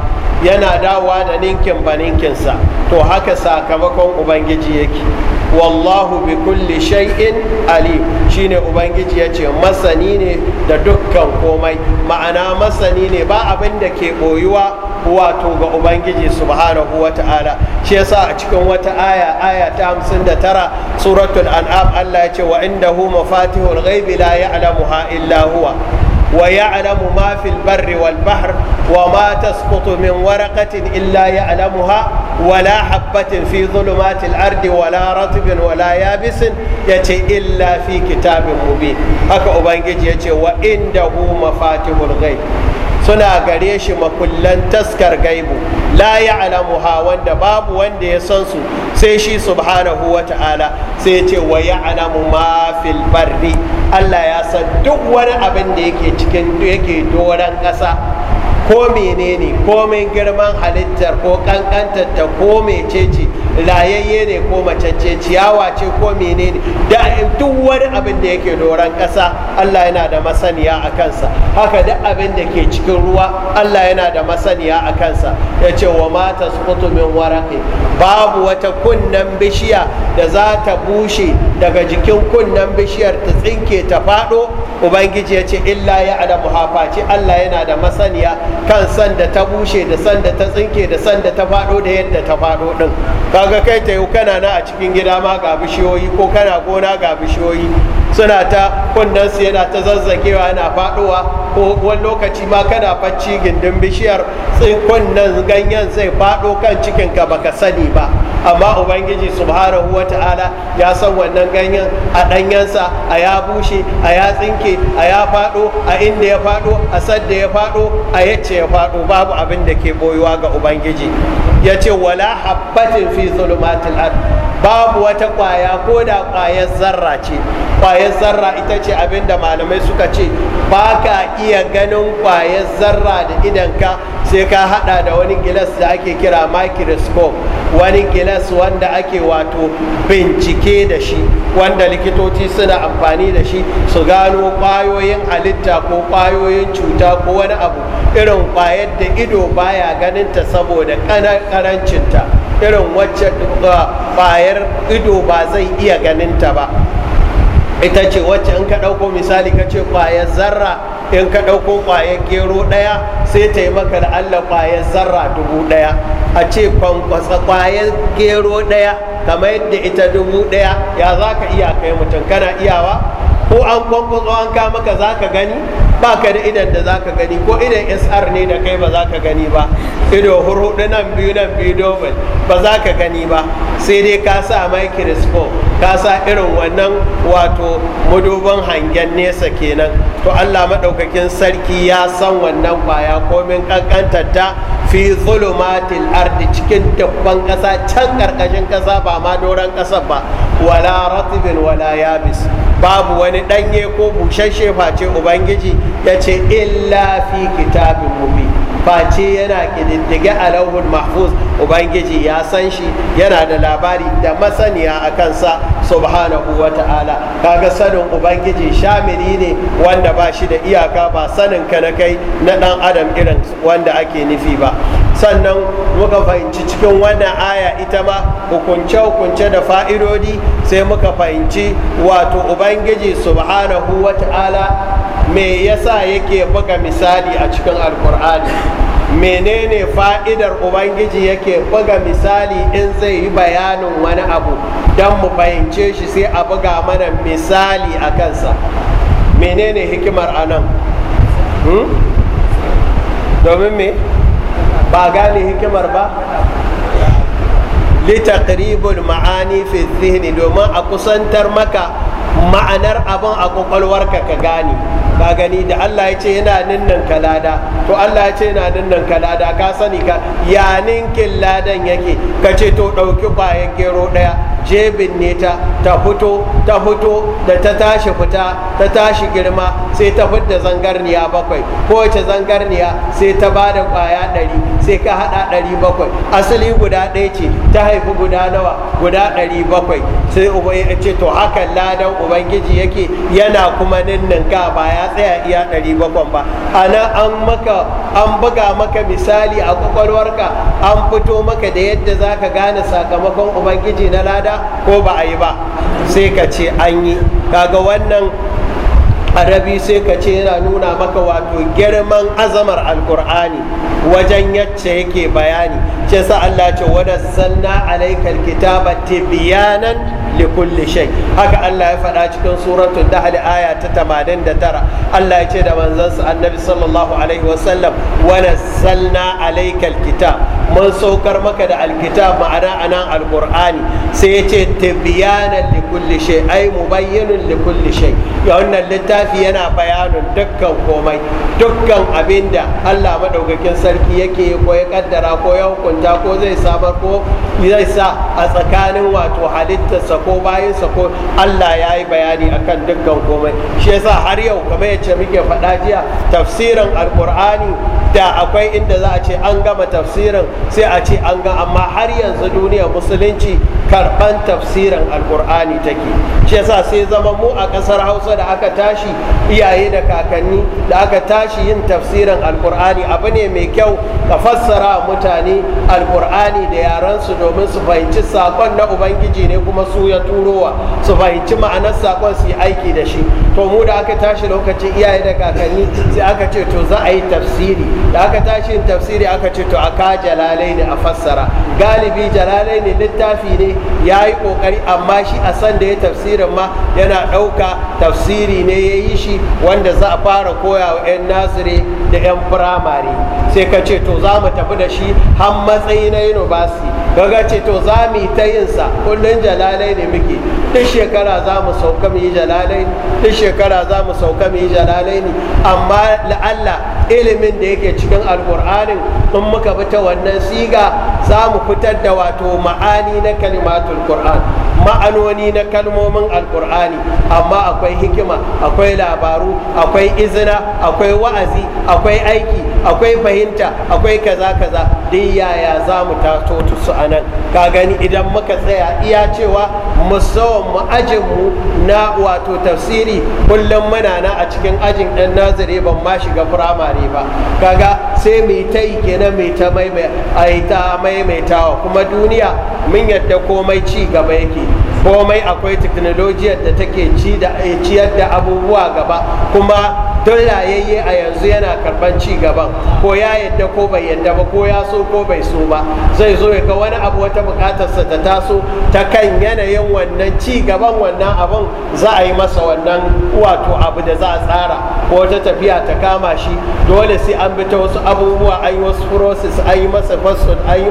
yana dawowa da ninkin ba ninkinsa to haka sakamakon ubangiji yake wallahu bi kulli shay'in alim shine ubangiji yace masani ne da dukkan komai ma'ana masani ne ba abin da ke boyuwa wato ga ubangiji subhanahu ta'ala shi yasa a cikin wata aya aya ta 59 suratul an'am Allah ce wa indahu mafatihul ghaibi la ya'lamuha illa huwa ويعلم ما في البر والبحر وما تسقط من ورقة إلا يعلمها ولا حبة في ظلمات الأرض ولا رطب ولا يابس يتي إلا في كتاب مبين هكا أبنجي يتي وعنده مفاتيح الغيب suna gare shi makullan taskar gaibu la ya'lamuha wanda babu wanda ya san su sai shi subhanahu wa ta'ala sai ce wa ya'lamu ma fil barri Allah ya san duk wani abin da yake cikin yake doran ƙasa ko menene komai girman halittar ko kankantar ta ko mecece layayye ne ko macece ciyawa ce ko menene da duk wani abin da yake doron ƙasa Allah yana da masaniya a kansa haka duk abin da ke cikin ruwa Allah yana da masaniya a kansa ya ce wa mata su min waraqi babu wata kunnen bishiya da za ta bushe daga jikin kunnen bishiyar ta tsinke ta faɗo ubangiji ya ce illa ya adamu haface Allah yana da masaniya kan sanda ta bushe da sanda ta tsinke da sanda ta faɗo da yadda ta faɗo ɗin kaga kai ta yau kana na a cikin gida ma ga bishiyoyi ko kana gona ga bishiyoyi suna ta kunnensu yana ta zazzagewa yana faɗowa ko wani lokaci ma kana bacci gindin bishiyar sai kunnen ganyen zai faɗo kan cikin ka baka sani ba amma ubangiji subhanahu wa ta'ala ya san wannan ganyen a ɗanyensa a ya bushe a ya tsinke a ya faɗo a inda ya fado a sadda ya faɗo a yacce ya fado babu abin da ke boyuwa ga ubangiji ya ce wala habbatin fi zulumatil ard babu wata kwaya ko da kwayar zarra ce kwaya kwayar zarra ita ce abin da malamai suka ce ba ka iya ganin kwayar zarra da idanka sai ka hada da wani gilas da ake kira microscope wani gilas wanda ake wato bincike da shi wanda likitoci suna amfani da shi su gano kwayoyin halitta ko kwayoyin cuta ko wani abu irin kwayar da ido baya ganinta saboda ƙarancinta irin wacce ah, kwayar ido ba zai iya ganinta ba ita ce wacce in ka ɗauko misali ka ce ƙwayar zarra in ka ɗauko ƙwayar gero ɗaya sai ta yi maka da allah ƙwayar zarra dubu ɗaya a ce kwankwasa ƙwayar gero ɗaya kamar yadda ita dubu ɗaya ya za ka iya kai mutum kana iyawa ko an kwankwaso an ka maka za ka gani ba ka da idan da zaka gani ko idan sr ne da kai ba za gani ba ido hurhudu nan biyu nan biyu domin ba za ka gani ba sai dai ka sa microscope ka sa irin wannan wato mudubin hangen nesa kenan to allah maɗaukakin sarki ya san wannan kwaya komin ƙanƙantar ta fi zulumatil ardi cikin dabban ƙasa can ƙarƙashin ƙasa ba ma doron ƙasa ba wala ratibin wala yabis babu wani ɗanye ko bushashe face ubangiji ya ce illa fi kitabin mubin face yana ƙididdige a lauhun mahfuz ubangiji ya san shi yana da labari da masaniya a kansa subhanahu wa ta'ala kaga sanin ubangiji shamiri ne wanda ba shi da iyaka ba sanin ka na kai na dan adam irin wanda ake nufi ba sannan muka fahimci cikin wannan aya ita ma hukunce-hukunce da fa'idodi sai muka fahimci wato ubangiji subhanahu wa ta'ala me yasa yake buga misali a cikin alkur'ani menene fa'idar ubangiji yake buga misali in zai yi bayanin wani abu don mu fahimce shi sai a buga mana misali a kansa menene hikimar anan hmm? domin me ba gane hikimar ba litaqribul ma'ani fi zihni domin a kusantar maka ma'anar abin a kwakwalwarka ka gane ka gani da Allah ya ce yana ninnan kalada to Allah ya ce yana ninnan kalada ka sani ka ya ninkin ladan yake ka ce to ɗauki bayan gero ɗaya jebin ne ta ta fito ta fito da ta tashi fita ta tashi girma sai ta da zangarniya bakwai kowace zangarniya sai ta ba da kwaya ɗari sai ka haɗa ɗari bakwai asali guda ɗaya ce ta haifi guda nawa guda ɗari bakwai sai uba ya ce to hakan ladan ubangiji yake yana kuma ninninka ba ya tsaya iya ɗari bakwai ba a an maka an buga maka misali a kwakwalwarka an fito maka da yadda zaka gane sakamakon ubangiji na lada ko ba a yi ba sai ka ce an yi kaga wannan arabi sai ka ce yana nuna maka wato girman azamar alkur'ani wajen yacce yake bayani ce sa Allah ce wada sanna alaikal kitaba tibyanan li kulli shay haka Allah ya faɗa cikin suratul dahl aya ta 89 Allah ya ce da manzansa annabi sallallahu alaihi sallam, wada sanna alaikal kitab mun saukar maka da alkitab ma'ana anan alkur'ani sai ya ce tibyanan li kulli shay ai mubayyinun li kulli shay ya wannan littafi littafi yana bayanin dukkan komai dukkan abin da allah maɗaukakin sarki yake ko ya kaddara ko ya hukunta ko zai samar ko zai sa a tsakanin wato halittarsa ko bayansa ko allah ya yi bayani akan dukkan komai shi yasa har yau kamar yace muke faɗa jiya tafsirin alkur'ani da akwai inda za a ce an gama tafsirin sai a ce an ga amma har yanzu duniyar musulunci karban tafsirin alkur'ani take shi yasa sai zama mu a kasar hausa da aka tashi iyaye da kakanni da aka tashi yin tafsirin alkur'ani abu ne mai kyau ka fassara mutane alkur'ani da yaran su domin su fahimci sakon na ubangiji ne kuma su ya turowa su fahimci ma'anar sakon su yi aiki da shi to mu da aka tashi lokacin iyaye da kakanni sai aka ce to za a yi tafsiri da aka tashi yin tafsiri aka ce to a ka jalalai ne a fassara galibi jalalai ne littafi ne ya yi ƙoƙari amma shi a san da ya tafsirin ma yana ɗauka tafsiri ne ya yi shi wanda za a fara koya wa 'yan nasiri da 'yan firamare sai ka ce to za mu tafi da shi har matsayi na yunibasi gaga ce to za mu yi ta yinsa kullum jalalai ne muke duk shekara za mu sauka mu yi jalalai duk shekara za mu sauka mu yi jalalai ne amma la'alla ilimin da yake cikin alƙur'anin in muka bi ta wannan siga za mu fitar da wato ma'ani na kalmar. كلمات القرآن ma'anoni na kalmomin alkur'ani amma akwai hikima akwai labaru akwai izina akwai wa'azi akwai aiki akwai fahimta akwai kaza kaza duk yaya za mu tato su a nan ka gani idan muka tsaya iya cewa musawan ajin mu na wato tafsiri kullum muna na a cikin ajin ɗan nazare ban ma shiga firamare ba kaga sai mai ta yi kenan mai ta maimaitawa kuma duniya mun yadda komai ci gaba yake komai akwai teknolojiyar da take eh, ciyar da abubuwa gaba kuma don layayye a yanzu yana karban ci gaban ko ya yadda ko bai yadda ba ko ya so ko bai so ba zai zo ya ga wani abu wata bukatarsa ta taso ta kan yanayin wannan ci gaban wannan abun za a yi masa wannan wato abu da za a tsara ko wata tafiya ta kama shi dole sai an bi ta wasu abubuwa an yi wasu process an yi masa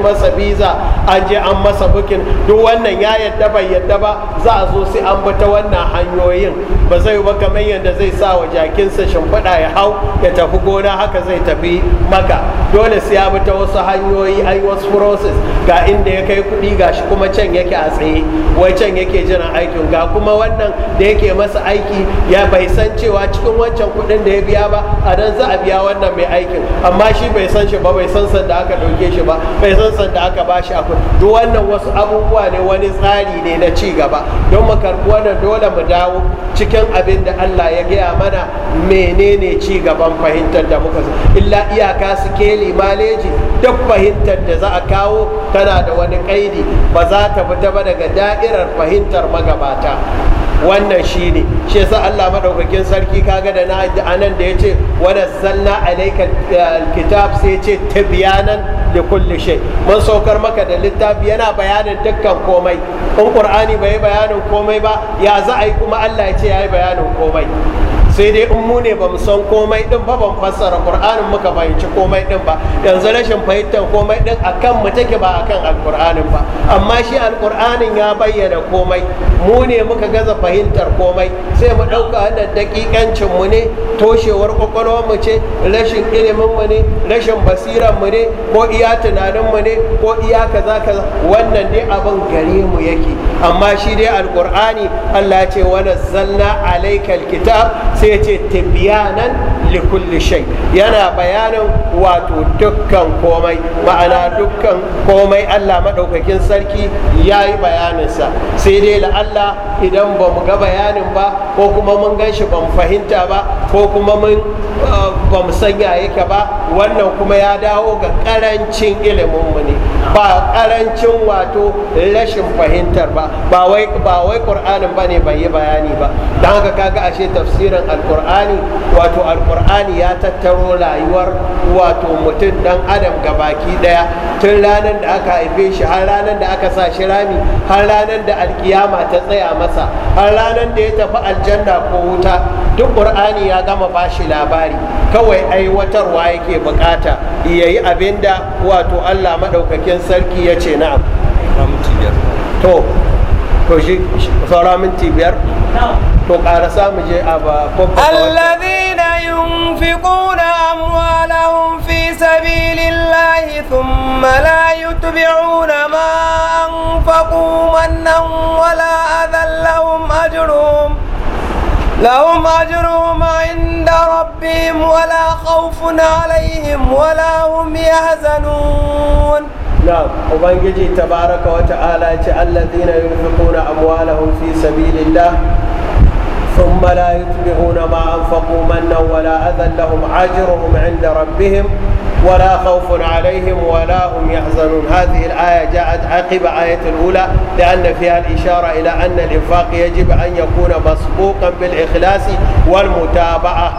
an visa an je an masa bukin duk wannan ya yadda bai yadda ba za a zo sai an bata wannan hanyoyin ba zai ba kamar yadda zai sa wa jakinsa shimfiɗa ya hau ya tafi gona haka zai tafi maka dole sai ya bata wasu hanyoyi ai wasu process ga inda ya kai kuɗi ga shi kuma can yake a tsaye wai can yake jiran aikin ga kuma wannan da yake masa aiki ya bai san cewa cikin wancan kuɗin da ya biya ba a dan za a biya wannan mai aikin amma shi bai san shi ba bai san da aka ɗauke shi ba bai san da aka ba bashi akwai duk wannan wasu abubuwa ne wani tsari ne na ci gaba don mu karɓi wannan dole mu dawo cikin abin da Allah ya gaya mana menene ci gaban fahimtar da muka illa iyaka su keli maleji duk fahimtar da za a kawo tana da wani kaidi ba za ta fita ba daga da'irar fahimtar magabata wannan shi ne shi yasa Allah madaukakin sarki kaga da na anan da yace wa nazzalna alayka alkitab sai yace tibyanan da kulli shay mun saukar maka da littafi yana bayanin dukkan komai in qur'ani bai bayanin komai ba ya za a yi kuma Allah ya ce yayi bayanin komai sai dai in mu ne ba mu san komai din ba ban fassara qur'anin muka fahimci komai din ba yanzu rashin fahimtar komai din akan mu take ba akan alqur'anin ba amma shi alqur'anin ya bayyana komai mu ne muka gaza fahimtar komai sai mu ɗauka wannan dakikancin mu ne toshewar kwakwalwar mu ce rashin ilimin mu ne rashin basiran mu ne ko iya tunanin mu ne ko iya kaza kaza wannan dai abin gare mu yake amma shi dai alqur'ani Allah ya ce wa nazzalna alaikal kitab sai sai ce tabiyanan likulli shai yana bayanin wato dukkan komai ma'ana dukkan komai allah maɗaukakin sarki ya yi bayaninsa sai dai la'alla idan ba mu ga bayanin ba ko kuma mun gan shi ba fahimta ba ko kuma mun uh, ba mu sanya yake ba wannan kuma ya dawo ga ƙarancin ilimin mu ne ba karancin wato rashin fahimtar ba ba wai ba wai qur'anin bane bai yi bayani ba dan haka kaga ashe tafsirin alqur'ani wato alqur'ani ya tattaro rayuwar wato mutum dan adam gabaki daya tun ranar da aka haife shi har ranar da aka sa shi rami har ranar da alkiyama ta tsaya masa har ranar da ya tafi aljanna ko wuta duk qur'ani ya gama bashi labari kawai aiwatarwa yake bukata yayi abinda wato Allah madaukakin maɗaukakin sarki ya ce na'am to to shi saura minti biyar to ƙara mu je a ba alladhina yunfiquna amwalahum fi sabilillahi thumma la yutbi'una ma anfaqu mannan wala adhan lahum ajruhum لهم أجرهم عند ربهم ولا خوف عليهم ولا هم يحزنون نعم وبنجي تبارك وتعالى الذين ينفقون أموالهم في سبيل الله ثم لا يتبعون ما أنفقوا منا ولا أذى لهم أجرهم عند ربهم ولا خوف عليهم ولا هم يحزنون هذه الآية جاءت عقب آية الأولى لأن فيها الإشارة إلى أن الإنفاق يجب أن يكون مسبوقا بالإخلاص والمتابعة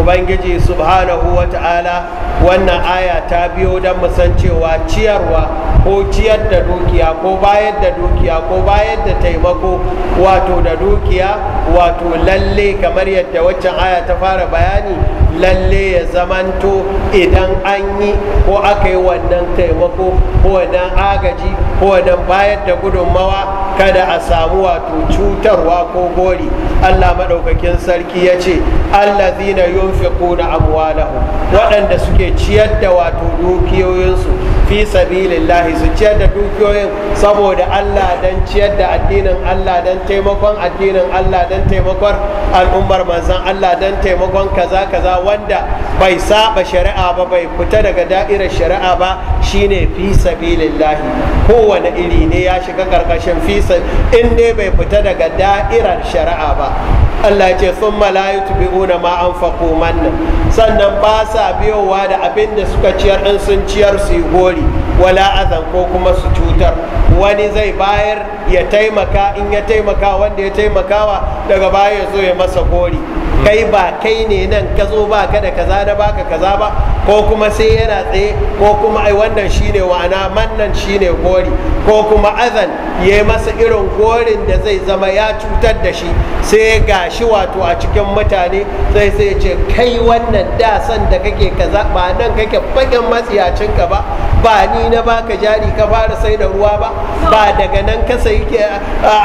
ubangiji subhanahu wa ta'ala wannan aya ta biyo don musancewa cewa ciyarwa ko ciyar da dukiya ko bayar da dukiya ko bayar da taimako wato da dukiya wato lalle kamar yadda waccan aya ta fara bayani lalle ya zamanto idan an yi ko aka yi wannan taimako ko wannan agaji ko wannan bayar da gudunmawa kada a samu wato cutarwa ko gori allah maɗaukakin sarki ya ce allazina yunfiquna amwalahum waɗanda suke ciyar da wato dukiyoyinsu fi sabilillahi su ciyar da dukiyoyin saboda Allah dan ciyar da addinin Allah dan taimakon addinin Allah dan taimakon al'ummar manzan Allah dan taimakon kaza kaza wanda bai saba shari'a ba bai fita daga da'irar shari'a ba shine fi sabilillahi kowane iri ne ya shiga karkashin fi in ne bai fita daga da'irar shari'a ba Allah ce sun malayu una ma an faƙo manna sannan ba sa biyowa da abin da suka ciyar ɗin sun ciyar su yi gori wala azan ko kuma su cutar wani zai bayar ya taimaka in ya taimaka wanda ya taimakawa daga baya ya zo ya masa gori kai ba kai ne nan ka zo ba ka da kaza na baka kaza ba ko kuma sai yana tsaye ko kuma ai wannan shine wa'ana mannan shine gori ko kuma azan ya masa irin gorin da zai zama ya cutar da shi sai ga shi wato a cikin mutane sai sai ce kai wannan da san da kake kaza ba nan kake bakin matsiyacin ka ba ba ni na baka jari ka fara sai da ruwa ba ba daga nan ka ke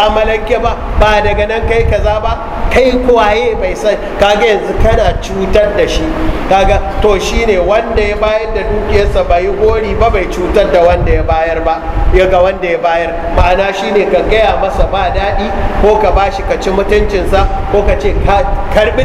amalanke ba ba daga nan kai kaza ba kai kuwaye bai sai kaga yanzu kana cutar da shi kaga to shine wanda ya bayar da dukiyarsa bai yi gori ba bai cutar da wanda ya bayar ba ya ga wanda ya bayar ma'ana shine ka gaya masa ba daɗi ko ka bashi ka ci mutuncinsa ko ka ce ka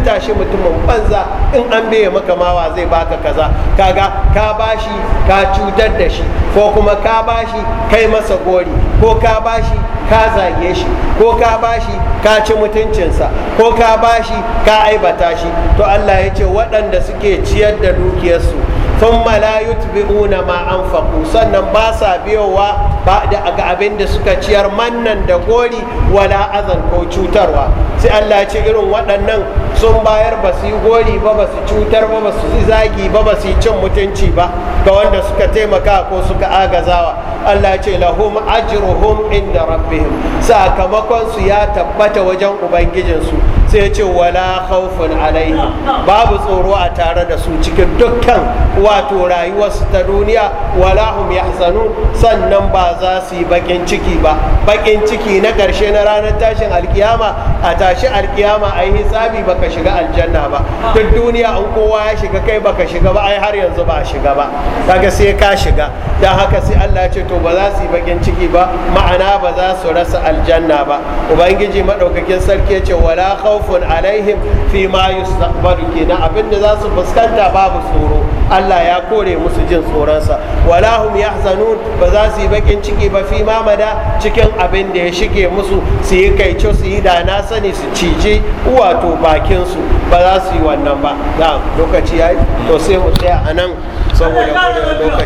tashi mutumin banza in an biya maka mawa zai baka kaza kaga ka bashi ka cutar da shi ko kuma ka bashi kai masa gori ko ka bashi ka zage shi ko ka bashi ka ci mutuncinsa ko ka bashi ka aibata shi to Allah ya ce waɗanda suke ciyar da dukiyarsu sun la yutbi'una ma anfaqu sannan ba sa biyowa ba da ga abin da suka ciyar mannan da gori wala azan ko cutarwa sai Allah ce irin waɗannan sun bayar ba su yi gori ba ba su cutar ba ba su zagi ba ba su yi cin mutunci ba ga wanda suka taimaka ko suka agazawa Allah ce lahum ajruhum inda rabbihim sakamakon su ya tabbata wajen ubangijinsu sai ce wala khawfun alaihi babu tsoro a tare da su cikin dukkan wato rayuwarsu ta duniya wala hum yahzanun sannan ba za su yi bakin ciki ba bakin ciki na karshe na ranar tashin alkiyama a tashi alkiyama a yi hisabi baka shiga aljanna ba duk duniya in kowa ya shiga kai baka shiga ba ai har yanzu ba shiga ba kaga sai ka shiga dan haka sai Allah ya ce to ba za su yi bakin ciki ba ma'ana ba za su rasa aljanna ba ubangiji madaukakin sarki ya ce wala khawf khawfun alaihim fi ma yustaqbalu kenan abinda za su fuskanta babu tsoro Allah ya kore musu jin tsoronsa wala hum yahzanun ba za su yi bakin ciki ba fi ma mada cikin abin da ya shige musu su yi kaice su yi da na sani su cije wato bakin su ba za su yi wannan ba na'am lokaci yayi to sai mu tsaya anan saboda lokaci